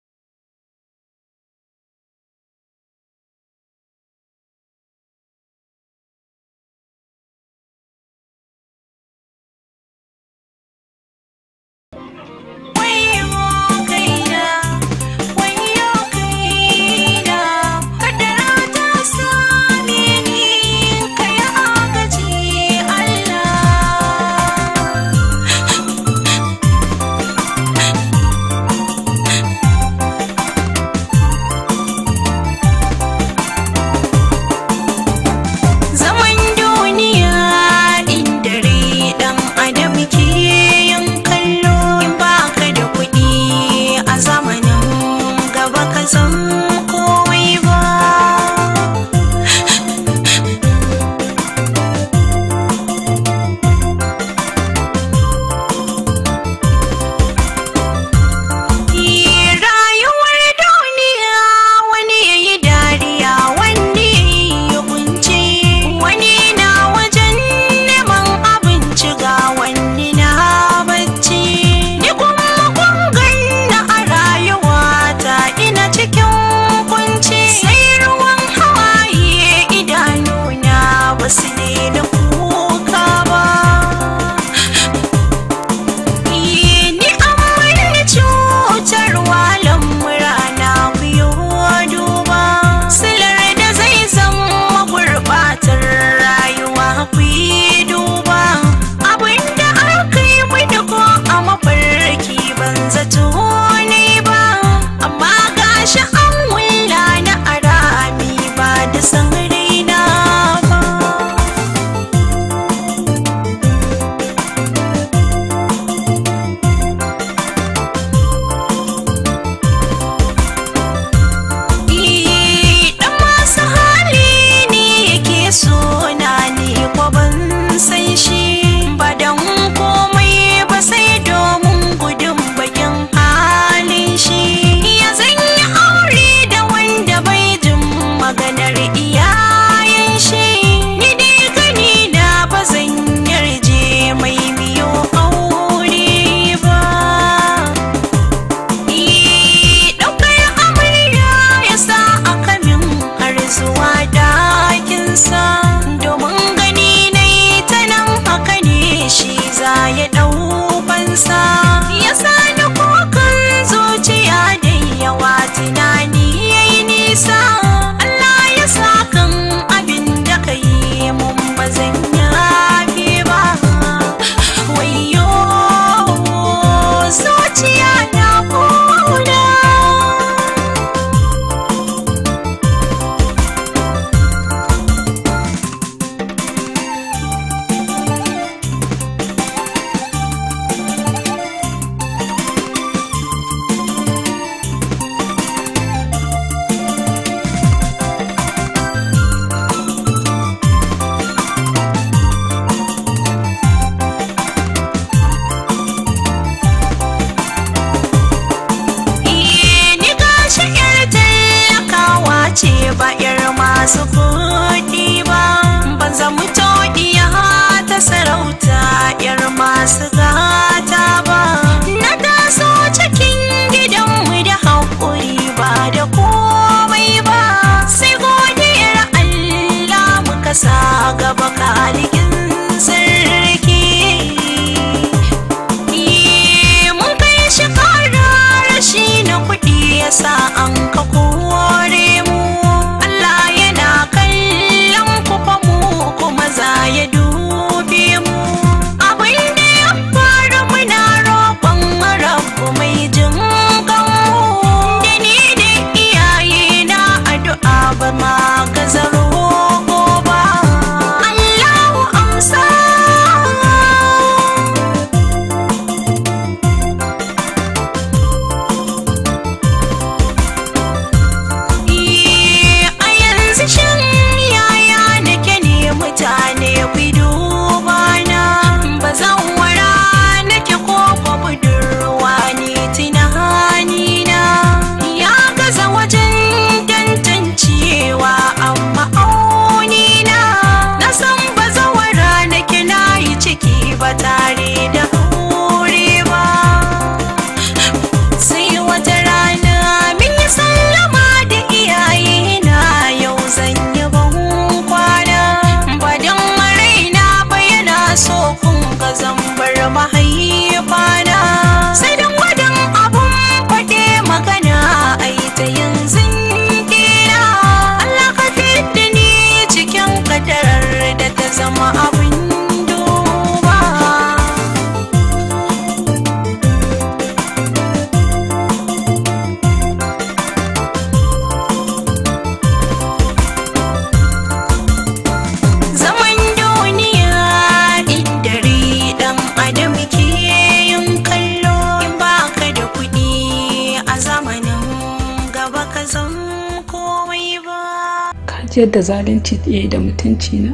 yadda zalunci ya yi da mutunci na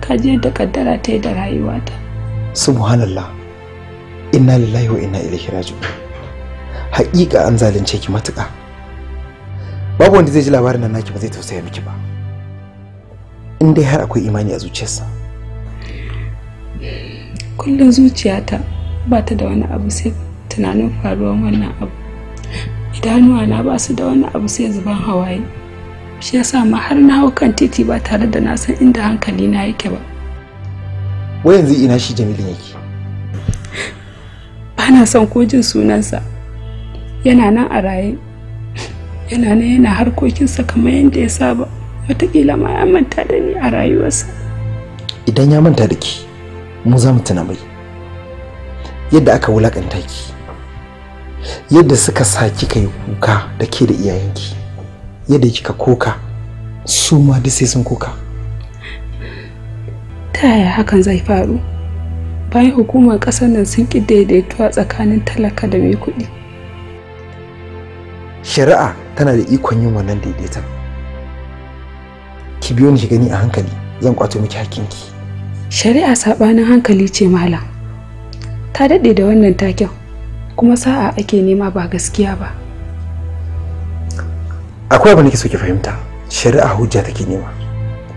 ka ji yadda kaddara ta yi da rayuwata subhanallah inna lillahi wa inna ilaihi raji'un haƙiƙa an zalunce ki matuƙa babu wanda zai ji labarin nan naki ba zai tausaya miki ba in dai har akwai imani a zuciyarsa kullum zuciyata ba ta da wani abu sai tunanin faruwar wannan abu idanuwa na ba su da wani abu sai zuban hawaye shi yasa ma har na hau kan titi ba tare da na san inda hankali na yake ba wai yanzu ina shi jamilin yake ba na son ko jin sunansa yana nan a raye yana nan yana harkokinsa kamar yadda ya saba wataƙila ma ya manta da ni a rayuwarsa idan ya manta da ki mu za mu tuna mai yadda aka wulakanta ki yadda suka sa kai yi kuka da ke da iyayenki yadda kika koka su ma duk sai sun koka ta yaya hakan zai faru bayan hukumar kasar nan sun ƙi daidaituwa tsakanin talaka da mai kuɗi shari'a tana da ikon yin wannan daidaiton ki biyo ni ki gani a hankali zan kwato miki hakinki shari'a saɓanin hankali ce malam ta daɗe da wannan taken kuma sa'a ake nema ba gaskiya ba akwai abin da so ki fahimta shari'a hujja take nema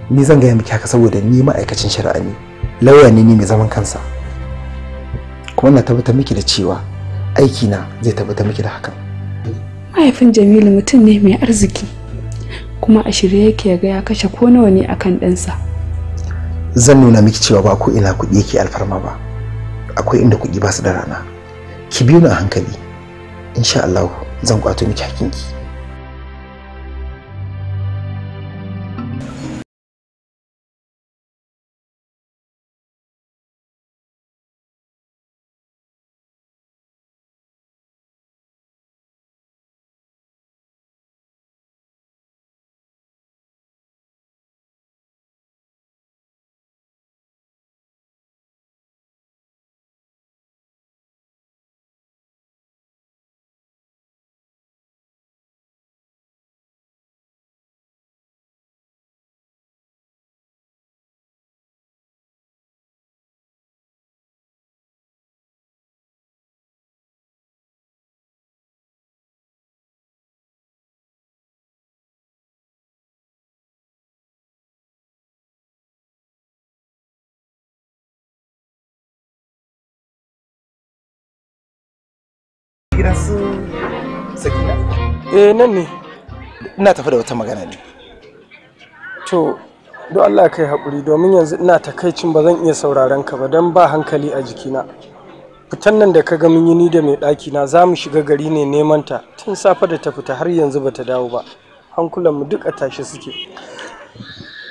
ni zan gaya miki haka saboda ni ma'aikacin shari'a ne lauya ne ni mai zaman kansa kuma na tabbatar miki da cewa aiki na zai tabbata miki da hakan mahaifin jamilu mutum ne mai arziki kuma a shirye yake ya ga ya kashe ko nawa ne akan ɗansa zan nuna miki cewa ba ko ina kuɗi yake alfarma ba akwai inda kuɗi ba su da rana ki biyo ni a hankali insha Allah zan kwato miki hakinki gidan su sakina? eh nan ne ina tafi da wata magana ne to don Allah kai haƙuri domin yanzu ina takaicin ba zan iya sauraron ka ba don ba hankali a jikina fitan nan da ka ga mun yi ni da mai ɗaki na za mu shiga gari ne neman ta tun safe da ta fita har yanzu ba ta dawo ba hankulan mu duka tashi suke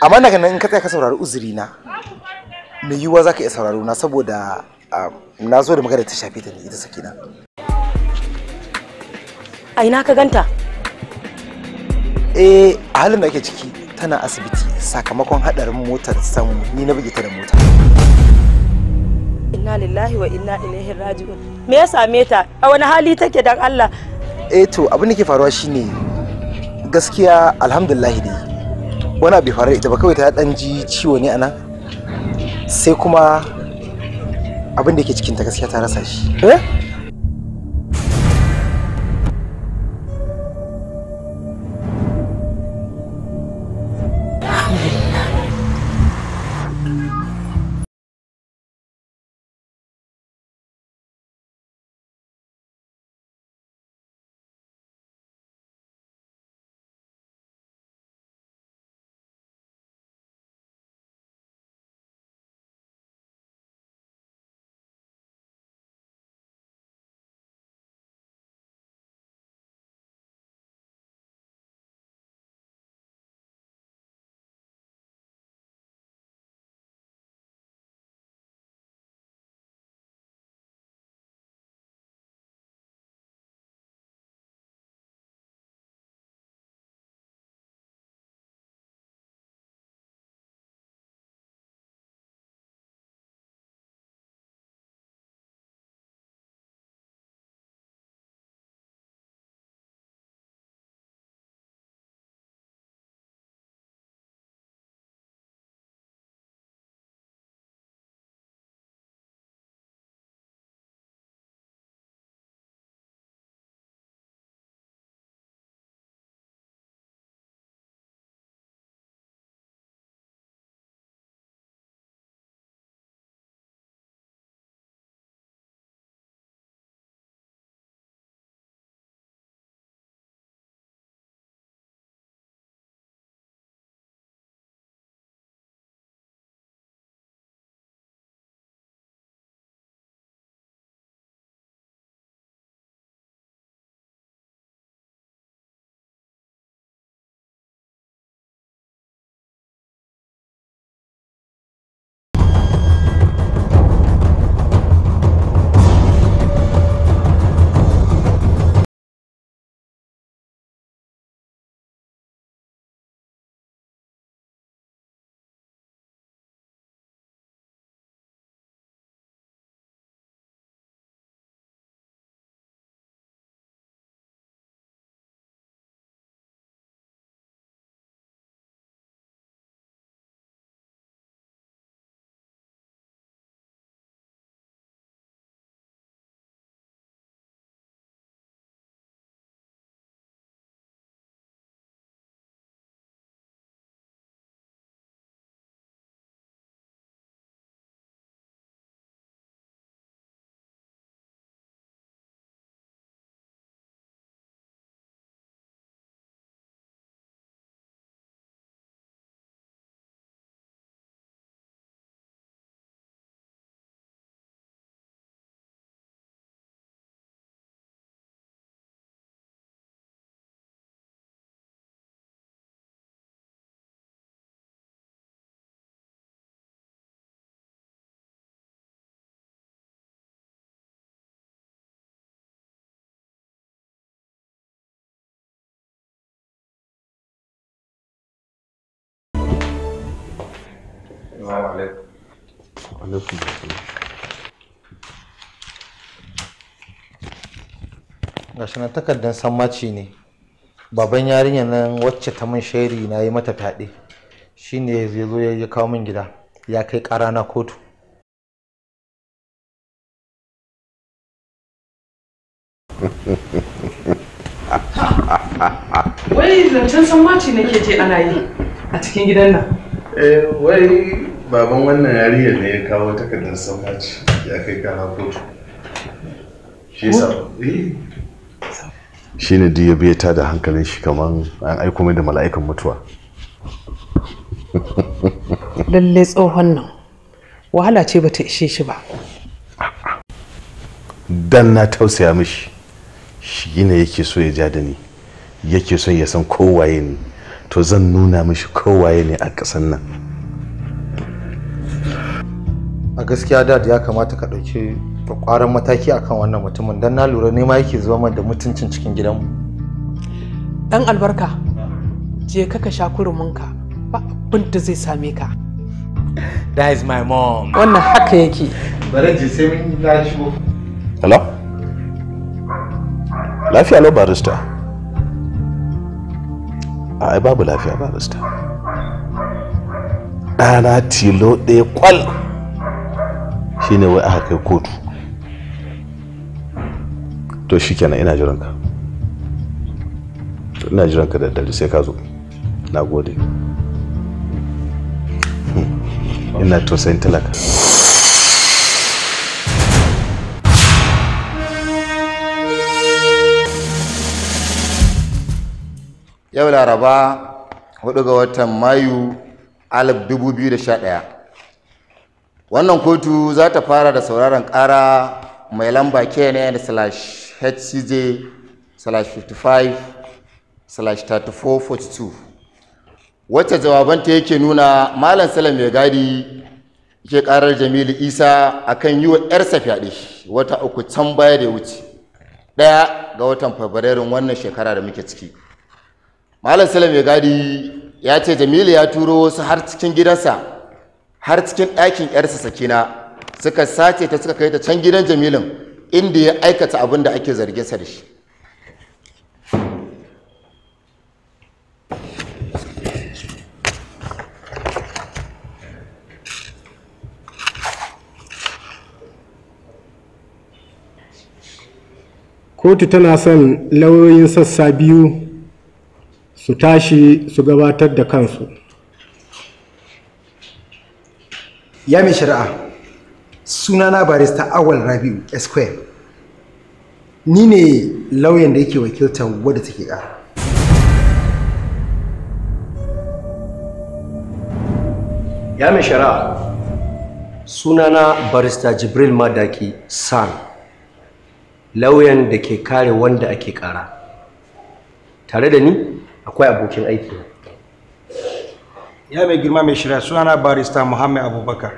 amma daga nan in ka tsaya ka saurari uzuri na mai yiwuwa za ka iya sauraro na saboda ah, na zo da magana ta shafe ta ne ita sakina a ina ka ganta eh a halin da ake ciki tana asibiti sakamakon hadarin motar samu ni na buge ta da mota inna lillahi wa inna ilaihi raji'un me ya same ta a wani hali take dan Allah eh to abin da ke faruwa shine gaskiya alhamdulillah dai wani abu faru ita ba kawai ta dan ji ciwo ne anan sai kuma abin da ke cikin ta gaskiya ta rasa shi eh Assalamu alaikum. Wa Gashi na takardar sammaci ne. Baban yarinya nan wacce ta min shairi na yi mata fyaɗe. Shi ne zai zo ya kawo min gida. Ya kai ƙara na kotu. Wai zancen sammaci nake je ana yi a cikin gidan nan. Eh, wai baban wannan yarinyar ne ya kawo takardar ce ya kai kara kotu shi yasa eh. shi ne duk ya biya ta da hankalin shi kamar an aiko mai da mala'ikan mutuwa lalle tsohon nan wahala ce bata ishe shi ba dan na tausaya mishi shi ne yake so ya ja da ni yake so ya san kowaye ne to zan nuna mishi kowaye ne a ƙasan nan a gaskiya da, ya kamata ka ɗauki kwaran mataki akan wannan mutumin don na lura ne ma yake zuwa mai da mutuncin cikin gidanmu dan albarka je ka ka sha kuruminka ba abin da zai same ka that is my mom wannan haka yake bari je sai mun na shigo hello lafiya lo barista ai babu lafiya barista ɗana tilo ɗaya kwal shine wai aka kai kotu to shikenan ina jiran ka ina jiran ka da daddare sai ka zo na gode hmm. ina tausayin talaka yau laraba 4 ga watan mayu 2011 wannan kotu za ta fara da sauraron ƙara mai lamba kenan slash hcj slash 55 slash 3442 wacce jawabanta yake nuna malam salam mai gadi ke karar jamilu isa akan yi wa 'yarsa fyaɗe wata uku can baya da wuce ɗaya ga watan fabrairun wannan shekara da muke ciki malam salam mai gadi ya ce jamilu ya turo su har cikin gidansa har cikin ɗakin yarsa sakina suka sace ta suka kai ta can gidan jamilin inda ya aikata abin da ake zargin sa da shi kotu tana son lauyoyin sassa biyu su tashi su gabatar da kansu ya mai shari'a sunana barista awal rabiu esquare ni ne lauyan da yake wakiltar wadda take ƙara ya mai shari'a sunana barista jibril madaki san lauyan da ke kare wanda ake ƙara tare da ni akwai abokin aiki ya mai girma mai shirya sunana barista muhammad abubakar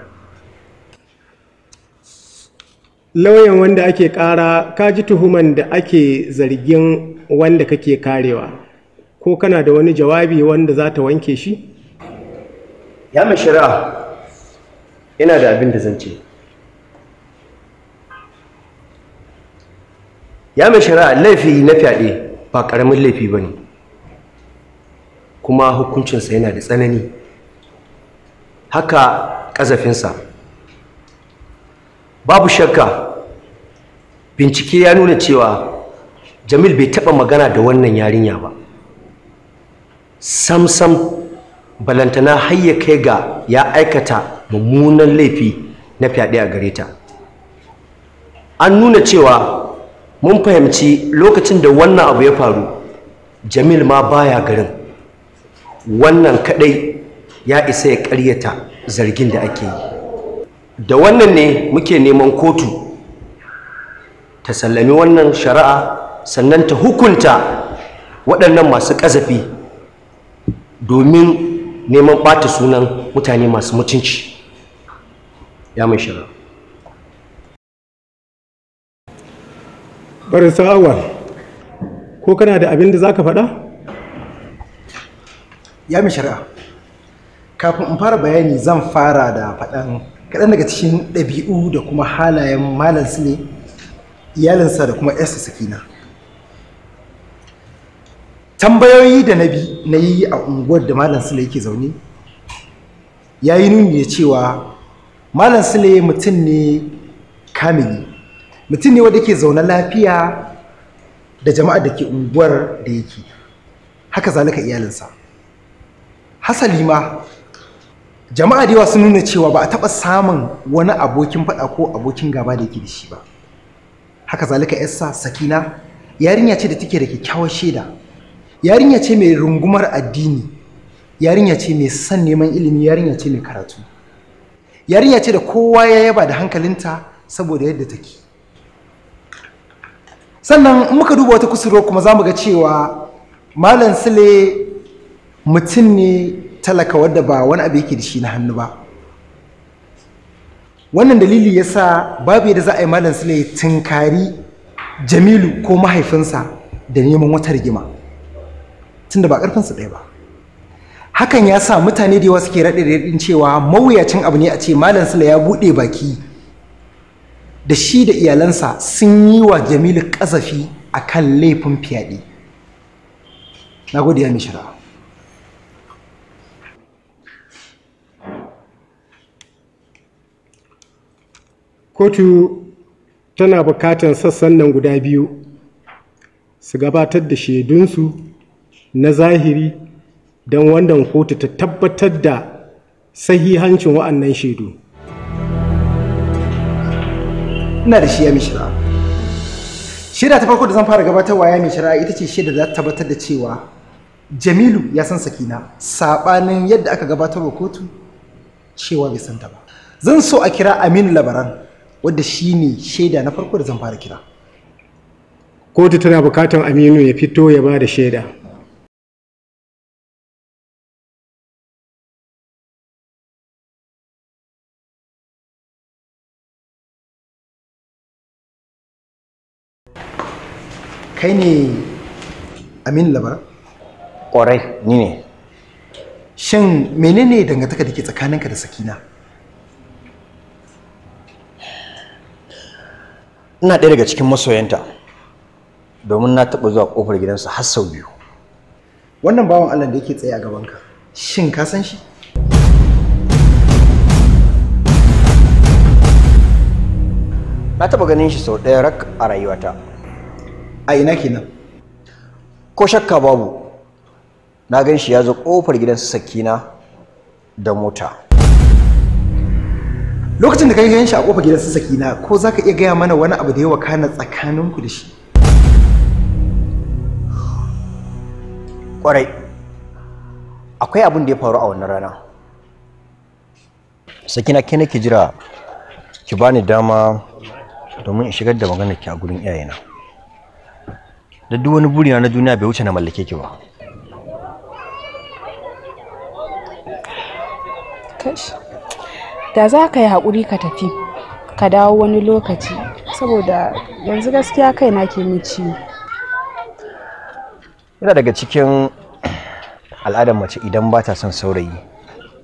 lauyan wanda ake kara ka ji tuhuman da ake zargin wanda kake karewa ko kana da wani jawabi wanda za ta wanke shi ya mai shirya ina da abin da zan ce ya mai shari'a laifi na fyaɗe ba ƙaramin laifi ba ne kuma hukuncinsa yana da tsanani haka ƙazafinsa babu shakka bincike ya nuna cewa jamil bai taɓa magana da wannan yarinya ba samsam balantana har ya kai ga ya aikata mummunan laifi na fyaɗe a gare ta an nuna cewa mun fahimci lokacin da wannan abu ya faru jamil ma baya garin wannan kaɗai ya isa ya ƙaryata zargin da ake yi da wannan ne muke neman kotu ta sallami wannan shari'a sannan ta hukunta waɗannan masu ƙazafi domin neman ɓata sunan mutane masu mutunci ya mai shari'a bari sa'awar ko kana da abin da za ka faɗa ya mai shari'a kafin in fara bayani zan fara da faɗan kaɗan daga cikin ɗabi'u da kuma halayen malam su ne iyalinsa da kuma yarsa sakina tambayoyi da na bi na yi a unguwar da malam sule yake zaune ya yi nuni da cewa malam sule mutum ne kamili mutum ne wanda yake zaune lafiya da jama'a da ke unguwar da yake haka zalika iyalinsa hasali ma jama'a da yawa sun nuna cewa ba a taɓa samun wani abokin faɗa ko abokin gaba da yake da shi ba haka zalika yasa sakina yarinya ce da take da kyakkyawar shaida yarinya ce mai rungumar addini yarinya ce mai son neman ilimi yarinya ce mai karatu yarinya ce da kowa ya yaba da hankalinta saboda yadda take sannan in muka duba wata kusurwa kuma za mu ga cewa malam sule mutum ne talaka wadda ba wani abu yake da shi na hannu ba wannan dalili ya sa babu yadda za a yi malam sule tunkari jamilu ko mahaifinsa da neman wata rigima tunda ba ƙarfinsa ɗaya ba hakan ya sa mutane da yawa suke raɗe raɗin cewa mawuyacin abu ne a ce malam sule ya buɗe baki da shi da iyalansa sun yi wa jamilu ƙazafi a kan laifin fyaɗe na gode ya mishira kotu tana bukatan sassan nan guda biyu su gabatar da shaidunsu na zahiri don wannan kotu ta tabbatar da sahihancin wa'annan shaidu ina da shi ya mishira shaida ta farko da zan fara gabatarwa ya mishira ita ce shaida da ta tabbatar da cewa jamilu ya san sakina saɓanin yadda aka gabatarwa kotu cewa bai santa ba zan so a kira aminu labaran Wanda shi ne shaida na farko da zan fara kira kotu tana bukatar aminu ya fito ya ba da shaida kai ne amin labar Kwarai, ni ne shin menene dangantaka da ke tsakaninka da sakina ina ɗaya daga cikin masoyanta domin na taɓa zuwa ƙofar gidansa har sau biyu wannan bawan allah da yake tsaye a gabanka shin ka san shi na taɓa ganin shi sau ɗaya rak a rayuwata a ina kenan ko shakka babu na gan shi ya zo ƙofar gidansa sakina da mota lokacin da ka gan shi a kofar gidan su sakina ko zaka ka iya gaya mana wani abu da ya wakana tsakaninku da shi kwarai akwai abin da ya faru a wannan rana sakina ke nake jira ki bani dama domin in shigar da maganar ki a gurin iyayena da duk wani burina na duniya bai wuce na mallake ki ba kashi da za ka yi haƙuri ka tafi ka dawo wani lokaci saboda yanzu gaskiya kai na ke min ciwo yana daga cikin al'adar mace idan ba ta son saurayi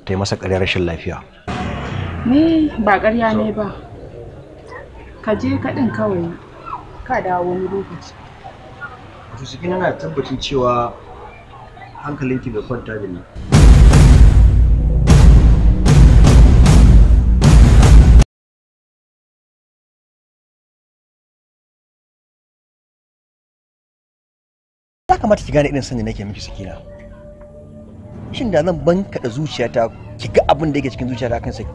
ta yi masa ƙaryar rashin lafiya ni ba ƙarya ne ba ka je kaɗin kawai ka dawo wani lokaci to cikin yana tabbacin cewa hankalinki bai kwanta da ni kamata ki gane irin sanda nake miki sakina shin da zan bankaɗa zuciyata ki ga abin da yake cikin zuciyata kan saki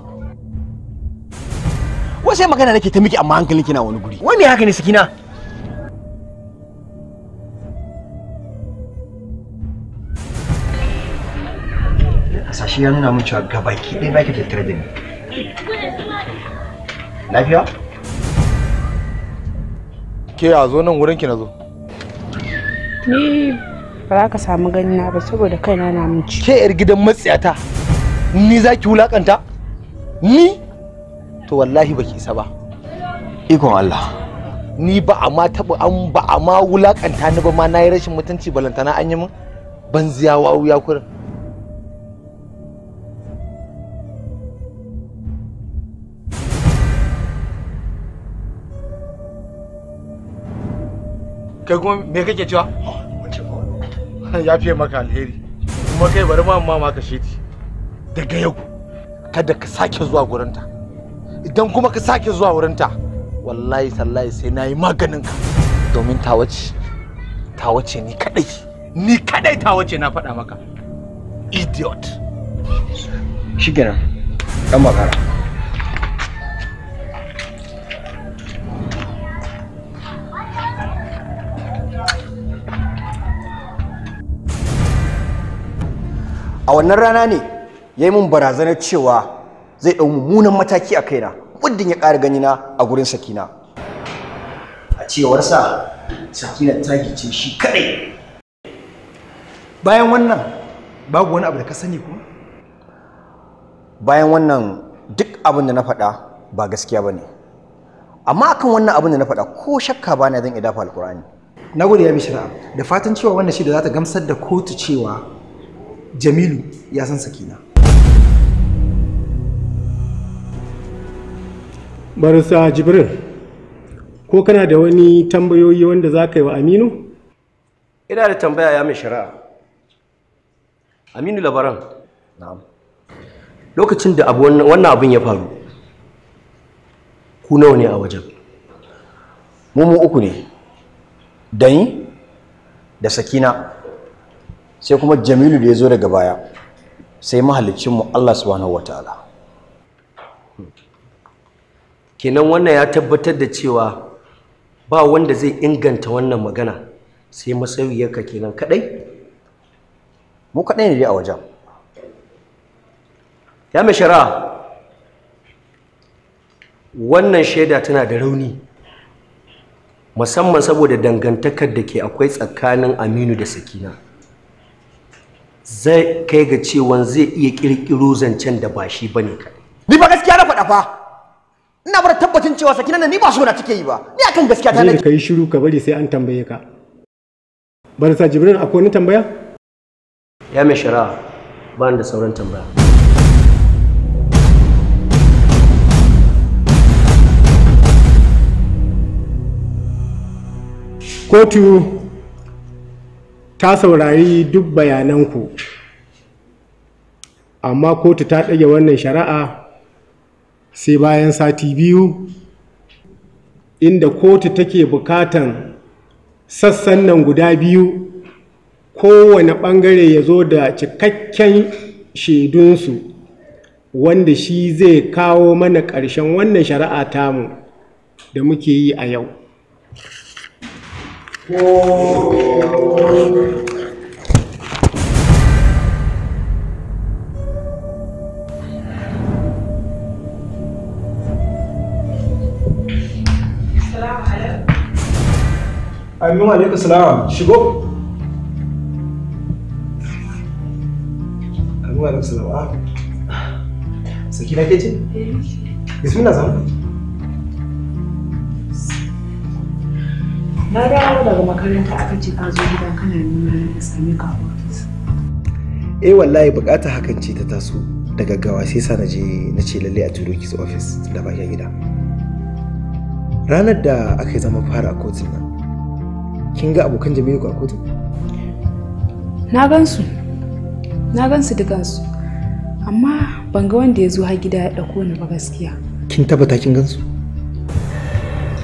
wasu magana nake ta miki amma hankalin kina wani guri wai me haka ne sakina sashi ya nuna min cewa gabaki ɗaya baki tattare da ni lafiya ke a zo nan wurin ki na zo ni ba za ka samu ganina ba saboda kaina na mun ci ke yar gidan matsiyata ni za ki wulakanta ni to wallahi ba isa ba ikon Allah ni ba a ma taɓa an ba a ma wulakanta ni ba ma na yi rashin mutunci balantana an yi min ban ziyawa wuya kurin kai kuma me kake cewa ya fiye maka alheri kuma kai bari ma mama ka shi daga yau kada ka sake zuwa gurinta idan kuma ka sake zuwa wurinta wallahi sallahi sai na yi maganin ka domin ta wace ta wace ni kadai ni kadai ta wace na faɗa maka idiot shikenan dan makara a wannan rana ne ya yi mun barazanar cewa zai ɗau mummunan mataki a kaina muddin ya ƙara ganina a gurin sakina a cewarsa sakina ta gice shi kaɗai bayan wannan babu wani abu da ka sani kuma bayan wannan duk abin da na faɗa ba gaskiya ba ne amma akan wannan abin da na faɗa ko shakka ba na zan iya dafa na gode ya bishira da fatan cewa wannan shida za ta gamsar da kotu cewa Jamilu ya san sakina. Barisa Jibril, ko kana da wani tambayoyi wanda za ka yi wa Aminu? Ina da tambaya ya mai shari'a. Aminu labaran. Na'am. Lokacin da abu wannan abin ya faru, ku nawa ne a wajen? Mu mu uku ne, dani da sakina. sai kuma jamilu da ya zo daga baya sai mahalicinmu Allah subhanahu wa ta'ala kenan wannan ya tabbatar da cewa ba wanda zai inganta wannan magana sai matsayiyarka kenan kadai mu kadai ne dai a wajen ya mai shara. wannan shaida tana da rauni musamman saboda dangantakar da ke akwai tsakanin aminu da sakina zai kai ga cewa zai iya kirkiro zancen da ba shi bane kai ni ba gaskiya na faɗa fa ina bar tabbacin cewa sakinan nan ni ba so take yi ba ni akan gaskiya ta nan. kai shiru ka bari sai an tambaye ka sa jibrin akwai wani tambaya ya mai shara ba da sauran tambaya kotu ta saurari duk bayananku amma kotu ta ɗage wannan shari'a sai bayan sati biyu inda kotu take bukatan sassan nan guda biyu kowane ɓangare ya zo da cikakken shaidunsu wanda shi zai kawo mana ƙarshen wannan shari'a tamu da muke yi a yau Amin alaikum salam. Shigo. Amin alaikum salam. Sakina ke ce? Bismillah zama. Na dawo daga makaranta aka ce ka zo gida kana nuna na same ka ofis. Eh wallahi bukata hakan ce ta taso daga gawa sai sa na je na ce lalle a turo ki ofis da ba gida. Ranar da aka yi zaman fara a kotun nan. Kin ga abokan Jamilu a kotun? Na gansu. Na gansu dukansu. Amma ban ga wanda ya zo har gida ya dauko ni ba gaskiya. Kin tabbata kin gansu?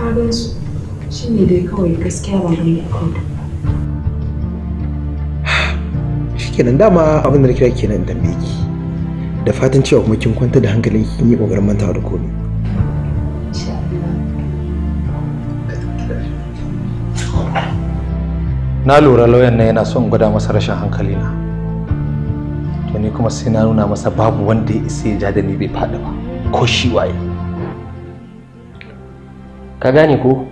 Na gansu. shi ne dai kawai gaskiya ba mai akwai kenan dama abin da na kira kenan dan ki da fatan cewa kuma kin kwanta da hankalin kin yi kokarin mantawa da komai na lura lauyan na yana son gwada masa rashin hankali na to ni kuma sai na nuna masa babu wanda ya isa ya ja da ni bai fada ba ko shi waye ka gane ko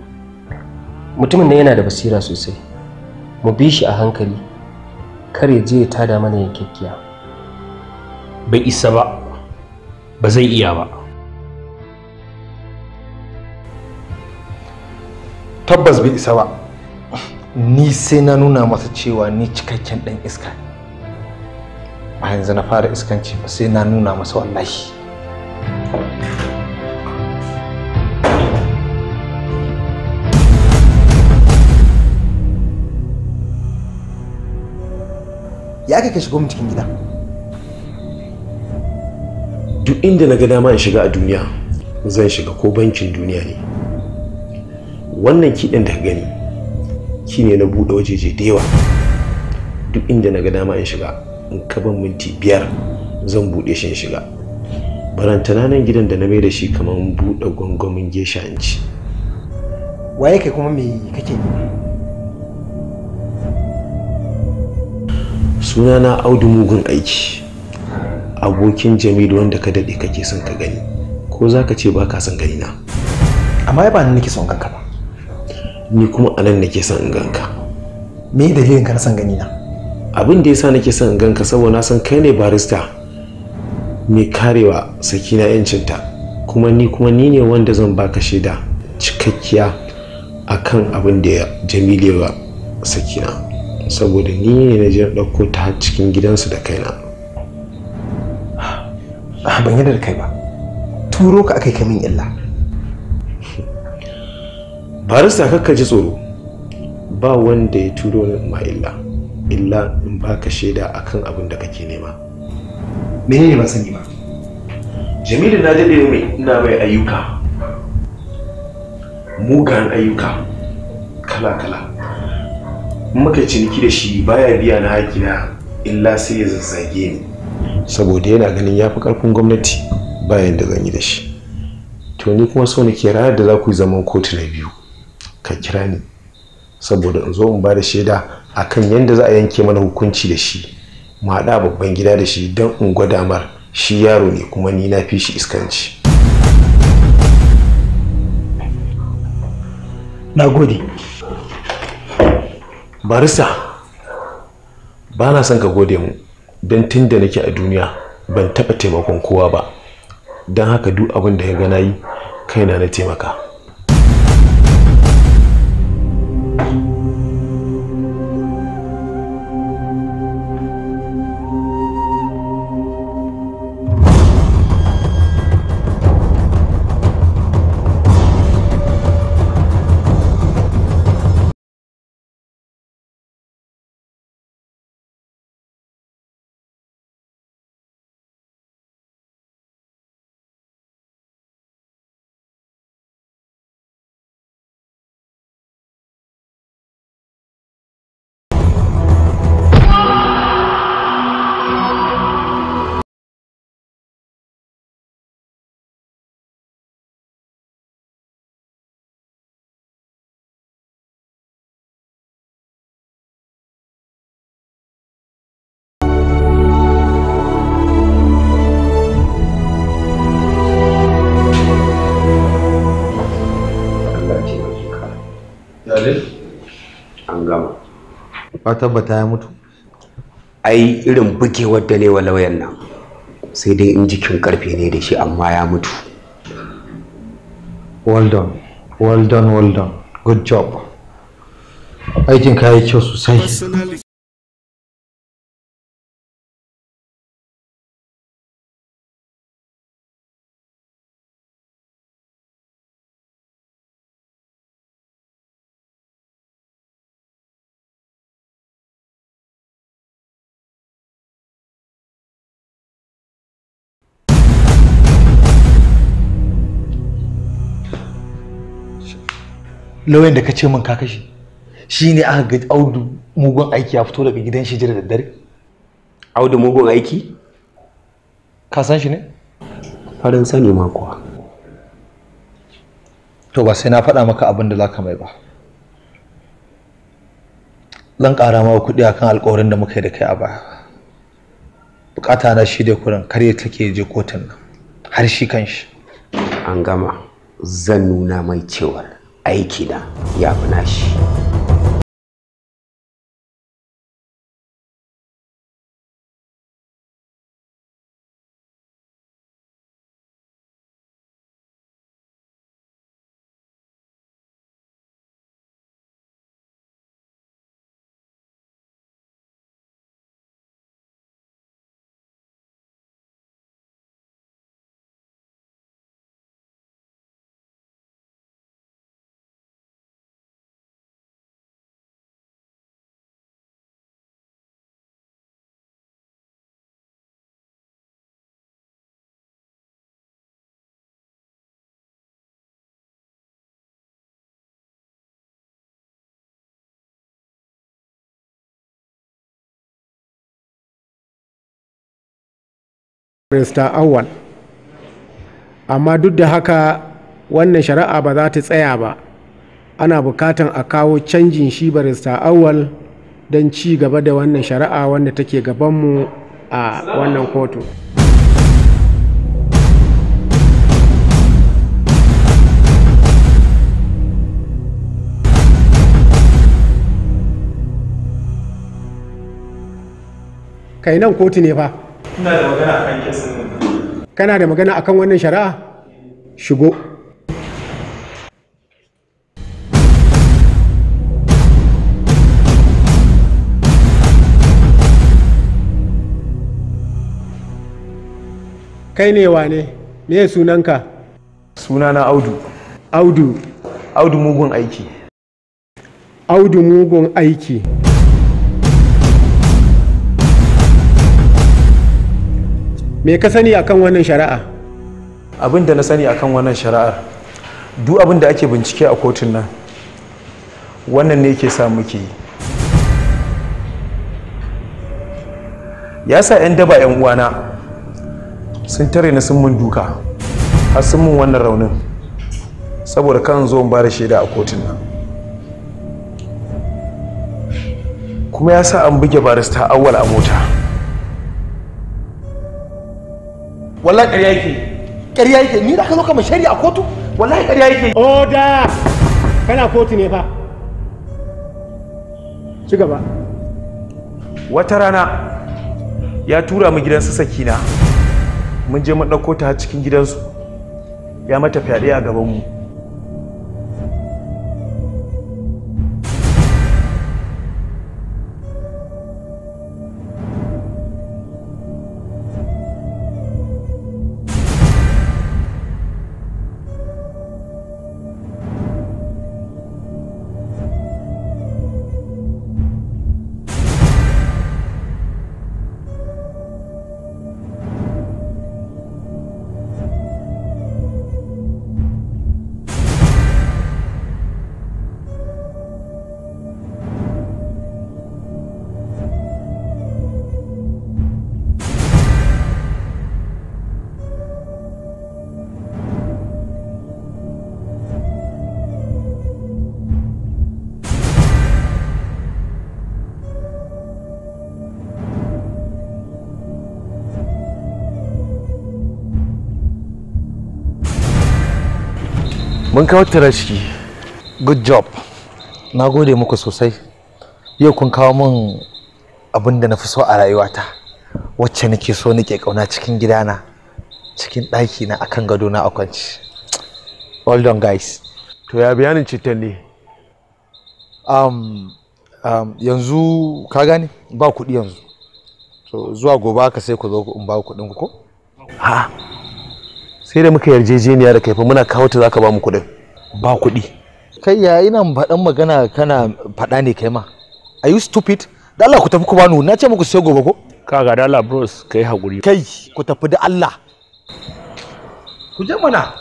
mutumin nan yana da basira sosai mu bi shi a hankali kar ya je ya tada mana yankakkiya bai isa ba ba zai iya ba tabbas bai isa ba ni sai na nuna masa cewa ni cikakken ɗan iska a yanzu na fara iskanci ba sai na nuna masa wallahi ya kai ka shigo mu cikin gida duk inda na ga dama in shiga a duniya zan shiga ko bankin duniya ne wannan kiɗin da gani ki ne na buɗe wajeje da yawa duk inda na ga dama in shiga in kaban minti biyar zan buɗe shi in shiga barantana nan gidan da na mai da shi kamar buɗe gwangwamin gesha in ci waye kai kuma me kake yi suna na audu mugun aiki abokin jamilu wanda ka daɗe kake son ka gani ko za ka ce ba ka son gani na amma ya ba ni nake son ganka ba ni kuma anan nake son in ganka me dalilin ka na son gani na abin da yasa nake son in ganka saboda na san kai ne barista mai karewa sakina yancinta kuma ni kuma ni ne wanda zan baka shaida cikakkiya akan abin da jamilu ya sakina saboda ni ne na je ɗauko ta cikin gidansu da kaina ah, ban yadda da kai ba turo ka aka yi kamin illa barista kakka ji tsoro ba wanda ya turo ni ma illa illa in baka shaida akan abin da kake nema menene ba sani ba jamilu na daɗe mai ina mai ayyuka mugan ayyuka kala-kala muka ciniki da shi baya biya na hakina illa sai ya zazzage ni saboda yana ganin ya fi karfin gwamnati bayan da zan yi da shi to ni kuma so nake ranar da za ku yi zaman kotu na biyu ka kira ni saboda in zo in ba da shaida akan yadda za a yanke mana hukunci da shi mu haɗa babban gida da shi don in gwada mar shi yaro ne kuma ni na fi shi iskanci na gode barista ba na son ka gode mu don tun da nake a duniya ban taɓa taimakon kowa ba don haka duk abin da ya gana yi kaina na taimaka Ba tabbata ya mutu ai irin bugewar da lewa lauyan nan sai dai in jikin karfe ne da shi amma ya mutu well done well done well done good job aikin ka yi kyau sosai lauyan da ka ce min ka kashe shi ne aka ga audu mugun aiki ya fito daga gidan shi jira da dare audu mugun aiki ka san shi ne farin sani ma kuwa to ba sai na faɗa maka abin da zaka mai ba zan ƙara ma kuɗi akan alƙawarin da muka yi da kai a baya bukata na shi da kurin kar ya take je kotun nan har shi kan shi an gama zan nuna mai cewar aiki na ya fi nashi Barista Awal. Amma duk da haka wannan shari'a ba za ta tsaya ba, ana bukatan a kawo canjin shi Barista Awal don ci gaba da wannan shari'a wanda take gabanmu a wannan kotu. kai nan kotu ne fa ina da magana akan kesin nan kana da magana akan wannan shari'a shigo kai ne wane me sunanka sunana audu audu audu mugun aiki audu mugun aiki me ka sani akan wannan shari'a abin da na sani akan wannan shari'ar duk abin da ake bincike a kotun nan wannan ne ke sa muke yi ya sa 'yan daba 'yan uwana sun tare na sun mun duka har sun mun wannan raunin saboda kan zo ba da shaida a kotun nan kuma ya sa an buge barista awwal a mota wallahi ƙarya yake ƙarya yake ni da ka zo kama shari'a kotu wallahi ƙarya yake oda kana kotu ne fa ci gaba wata rana ya tura mu gidansu sakina mun je mu ɗauko ta cikin gidansu ya mata fyaɗe a gabanmu mun kawo tirashi good job na gode muku sosai yau kun kawo min abin da na fi so a rayuwata wacce nake so nake kauna cikin gidana cikin ɗaki na akan gado na a all done guys to ya bayanin citan ne um, um, yanzu ka gane ba kuɗi yanzu so zuwa gobe ka sai ku zo in ba kuɗin ku ko ha sai da muka yarjejeniya da kaifin muna kawo ta zaka ba mu kuɗin ba kuɗi kai ya ina faɗan magana kana faɗa ne kai ma are you stupid da Allah ku tafi ku bani na ce muku sai gobe ko kaga da Allah bros kai hakuri kai ku tafi da Allah ku je mana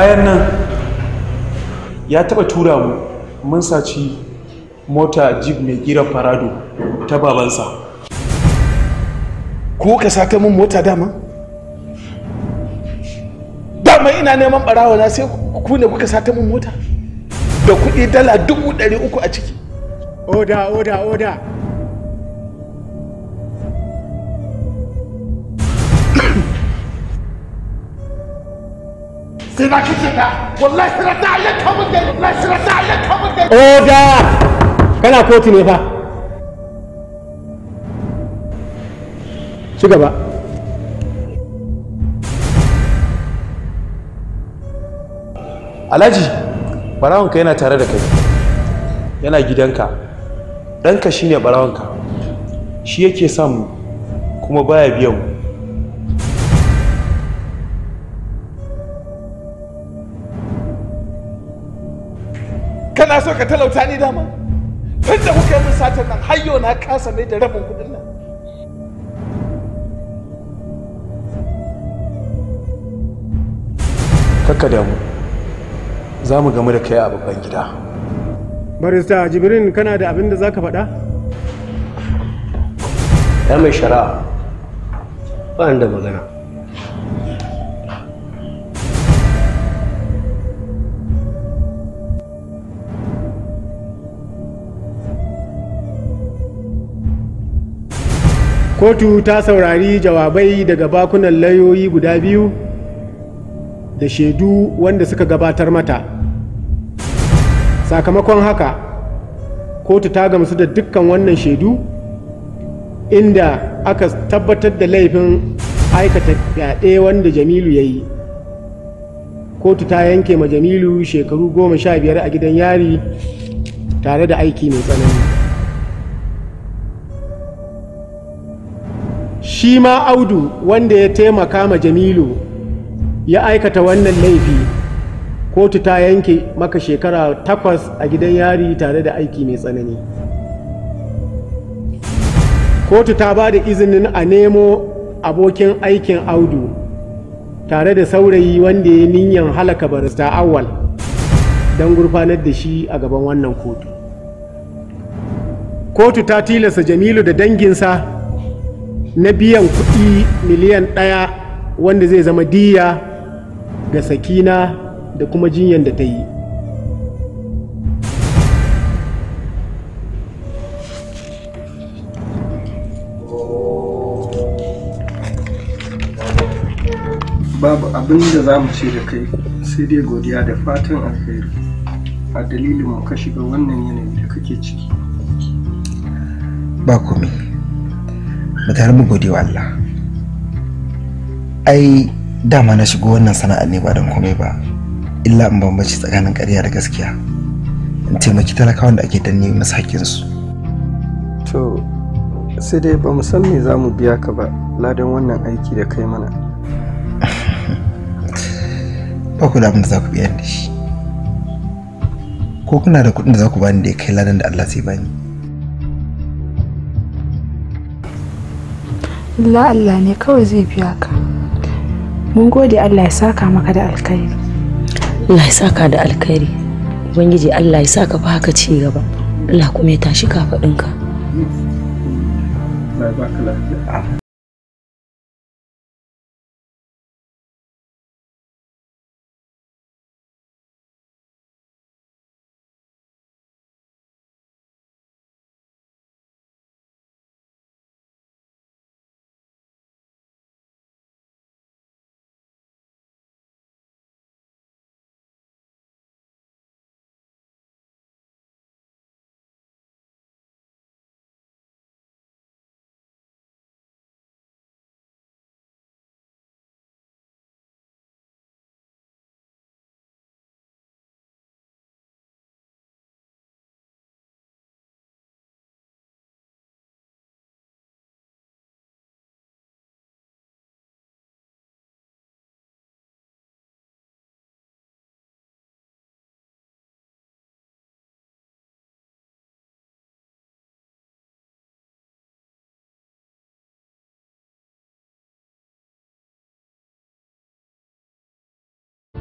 bayan nan ya taɓa tura mu mun saci mota jeep mai gira farado ta babansa ko ka sata min mota dama dama ina neman barawa na sai ku ne kuka sata min mota da kuɗi dala dubu ɗari uku a ciki oda oda oda sai na wallahi oh, na kotu ne fa ci gaba alhaji barawanka yana tare da kai yana gidanka ɗanka shine barawanka shi yake samu kuma baya biyan mu so ka talauta ni dama tun da kuka yi min satan nan har yau na kasa mai da rabin kudin nan kakka damu za mu gamu da kai a babban gida barista jibrin kana da abin da za ka faɗa ya mai shara ba da magana kotu ta saurari jawabai daga bakunan layoyi guda biyu da shaidu wanda suka gabatar mata sakamakon haka kotu ta gamsu da dukkan wannan shaidu inda aka tabbatar da laifin aikata fyaɗe wanda jamilu ya yi kotu ta yanke ma jamilu shekaru goma sha biyar a gidan yari tare da aiki mai tsanani shi ma audu wanda ya taimaka ma jamilu ya aikata wannan laifi kotu ta yanke maka shekara takwas a gidan yari tare da aiki mai tsanani kotu ta ba da izinin a nemo abokin aikin audu tare da saurayi wanda ya niyan halaka barista awal don gurfanar da shi a gaban wannan kotu kotu ta tilasta jamilu da danginsa na biyan kuɗi miliyan ɗaya wanda zai zama diya ga sakina da kuma jinyan da ta yi babu abin da za mu ce da kai sai dai godiya da fatan alheri a dalilin mu ka shiga wannan yanayi da kake ciki ba komai da tare mu gode wa Allah ai dama na shigo wannan sana'a ne ba don komai ba illa in bambanci tsakanin ƙarya da gaskiya in taimaki talakawan da ake danne masu haƙƙinsu to sai dai ba mu san me za mu biya ka ba ladan wannan aiki da kai mana ba ku da abin da za ku biya da shi ko kuna da kuɗin da za ku bani da ya kai ladan da Allah zai bani illa Allah ne kawai zai biya ka mun gode Allah ya saka maka da alkhairi Allah ya saka da alkhairi ubangiji Allah ya saka fa haka ci gaba Allah kuma ya tashi kafaɗinka.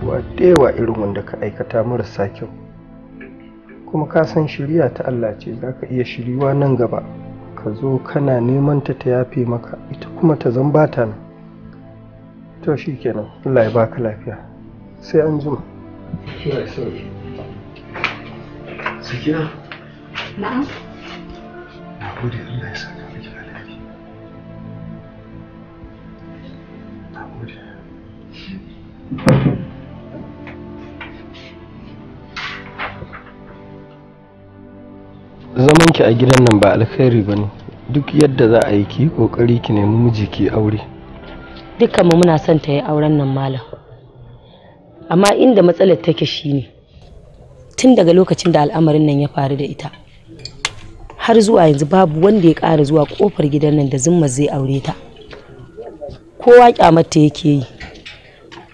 abubuwa da yawa irin wanda ka aikata marasa kyau kuma ka san shirya ta Allah ce za ka iya shiriwa nan gaba ka zo kana neman ta ta yafe maka ita kuma ta zan bata nan to shi kenan Allah ya baka lafiya sai an zuma. Thank you. ki a gidan nan ba alkhairi ba ne. Duk yadda za a yi ki kokari ki nemi miji ki aure. mu muna son ta yi auren nan malam. Amma inda matsalar take shine tun daga lokacin da al'amarin nan ya faru da ita har zuwa yanzu babu wanda ya ƙara zuwa kofar gidan nan da zumma zai aure ta kowa ƙyamarta yake yi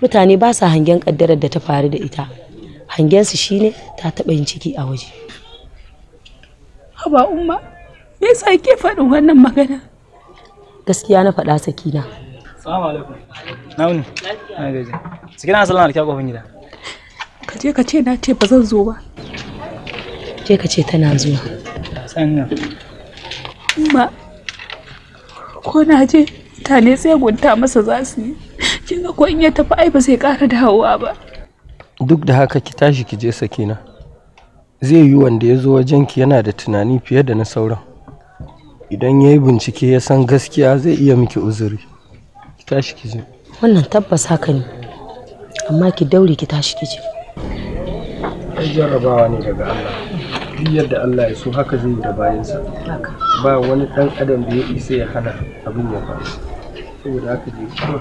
mutane ba sa hangen ƙaddarar da ta faru da ita hangensu shine ta taɓa yin ciki a waje haba umma me yasa ke faɗin wannan magana gaskiya na faɗa sakina assalamu alaikum nauni na gaji sakina sallama da kofin gida ka je ka ce na ce ba zan zo ba je ka ce tana zuwa sanya umma ko na je mutane sai gunta masa za su yi kin ga ko in ya tafi ai ba sai ƙara dawowa ba duk da haka ki tashi ki je sakina zai yi wanda ya zo wajenki yana da tunani fiye da na sauran idan ya yi bincike ya san gaskiya zai iya miki uzuri ki tashi ki je wannan tabbas haka ne amma ki daure ki tashi ki je jarrabawa ne daga Allah duk yadda Allah ya so haka zai yi da bayansa ba wani dan adam da ya isa ya hana abin ya faru saboda haka je kuma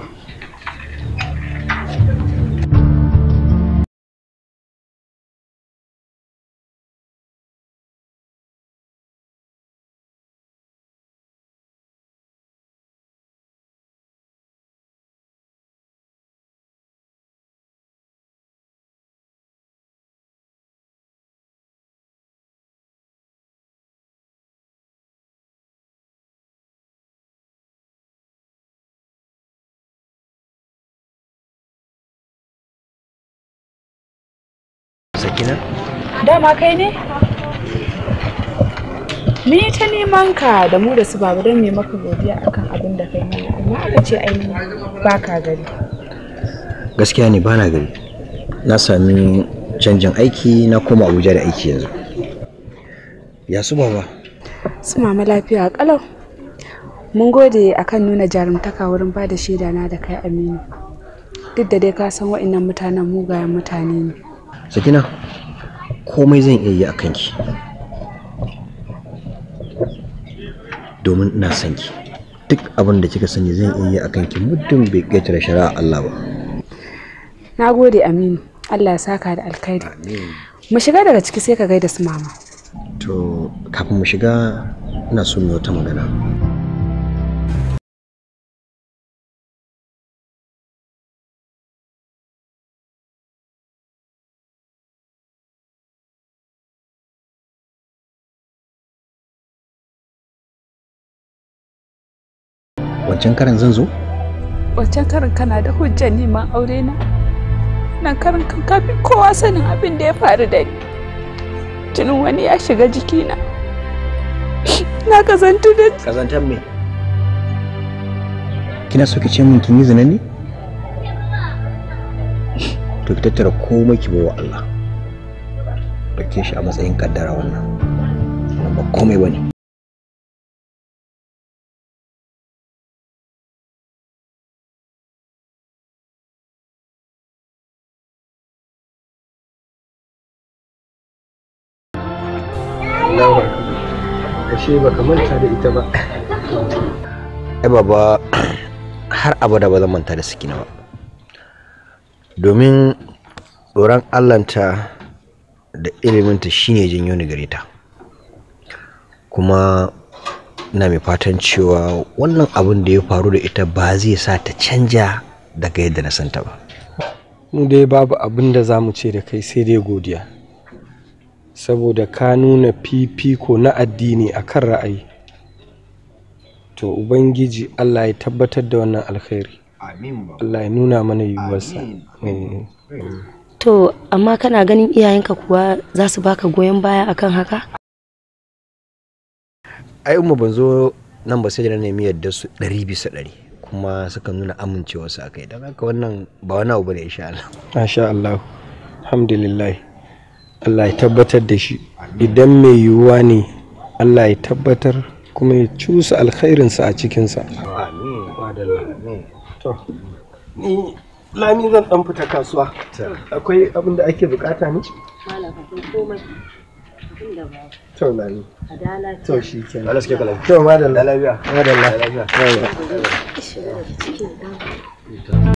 kenan dama kai ne ni ta neman ka da mu da su babu don me maka godiya akan abin da kai mana amma aka ce ai ba ka gari gaskiya ne bana gari na sami canjin aiki na koma abuja da aiki yanzu ya su baba su mama lafiya kalau mun gode akan nuna jarumtaka wurin ba da shaida na da kai aminu duk da dai ka san wa'annan mutanen mugayen mutane ne sakina komai zan iya yi a kanki domin ina son ki duk abin da kika sani zan iya yi a kanki muddin bai ƙetare shari'a Allah ba na gode aminu Allah ya saka da alkhairi mu shiga daga ciki sai ka gaida su mama to kafin mu shiga ina so mu wata magana wancan karin zan zo? Wancan karin kana da hujjar neman aure na? Nan karin kan kafi kowa sanin abin da ya faru da ni. Jinin wani ya shiga jikina. Na kazantu da Kazantar me? Kina so ki ce min kin yi zina ne? To ki tattara komai ki bawa Allah. Dauke shi a matsayin kaddara wannan. Ba komai bane. dawo ashe ba ka manta da ita ba ai baba har abada ba zan manta da sikina ba domin tsoron allanta da iliminta shine janyo ni gare ta kuma ina mai fatan cewa wannan abin da ya faru da ita ba zai sa ta canja daga yadda na santa ba mu dai babu abin da za mu ce da kai sai dai godiya saboda ka nuna fifiko na addini akan ra'ayi to ubangiji Allah ya tabbatar da wannan alkhairi Allah ya nuna mana yiwuwarsa eh. to amma kana ganin iyayenka kuwa za su baka goyon baya akan haka ai umma ban zo nan ba sai da nemi yadda su ɗari bisa ɗari kuma suka nuna amincewa su kai don haka wannan ba wani abu bane insha Allah masha Allah alhamdulillah Allah ya tabbatar da shi idan mai yiwuwa ne Allah ya tabbatar kuma ya cusa alkhairinsa a cikinsa ni lami zan ɗan fita kasuwa akwai abin da ake bukata ne to lami to shi kenan Allah suke kalan madalla lafiya madalla lafiya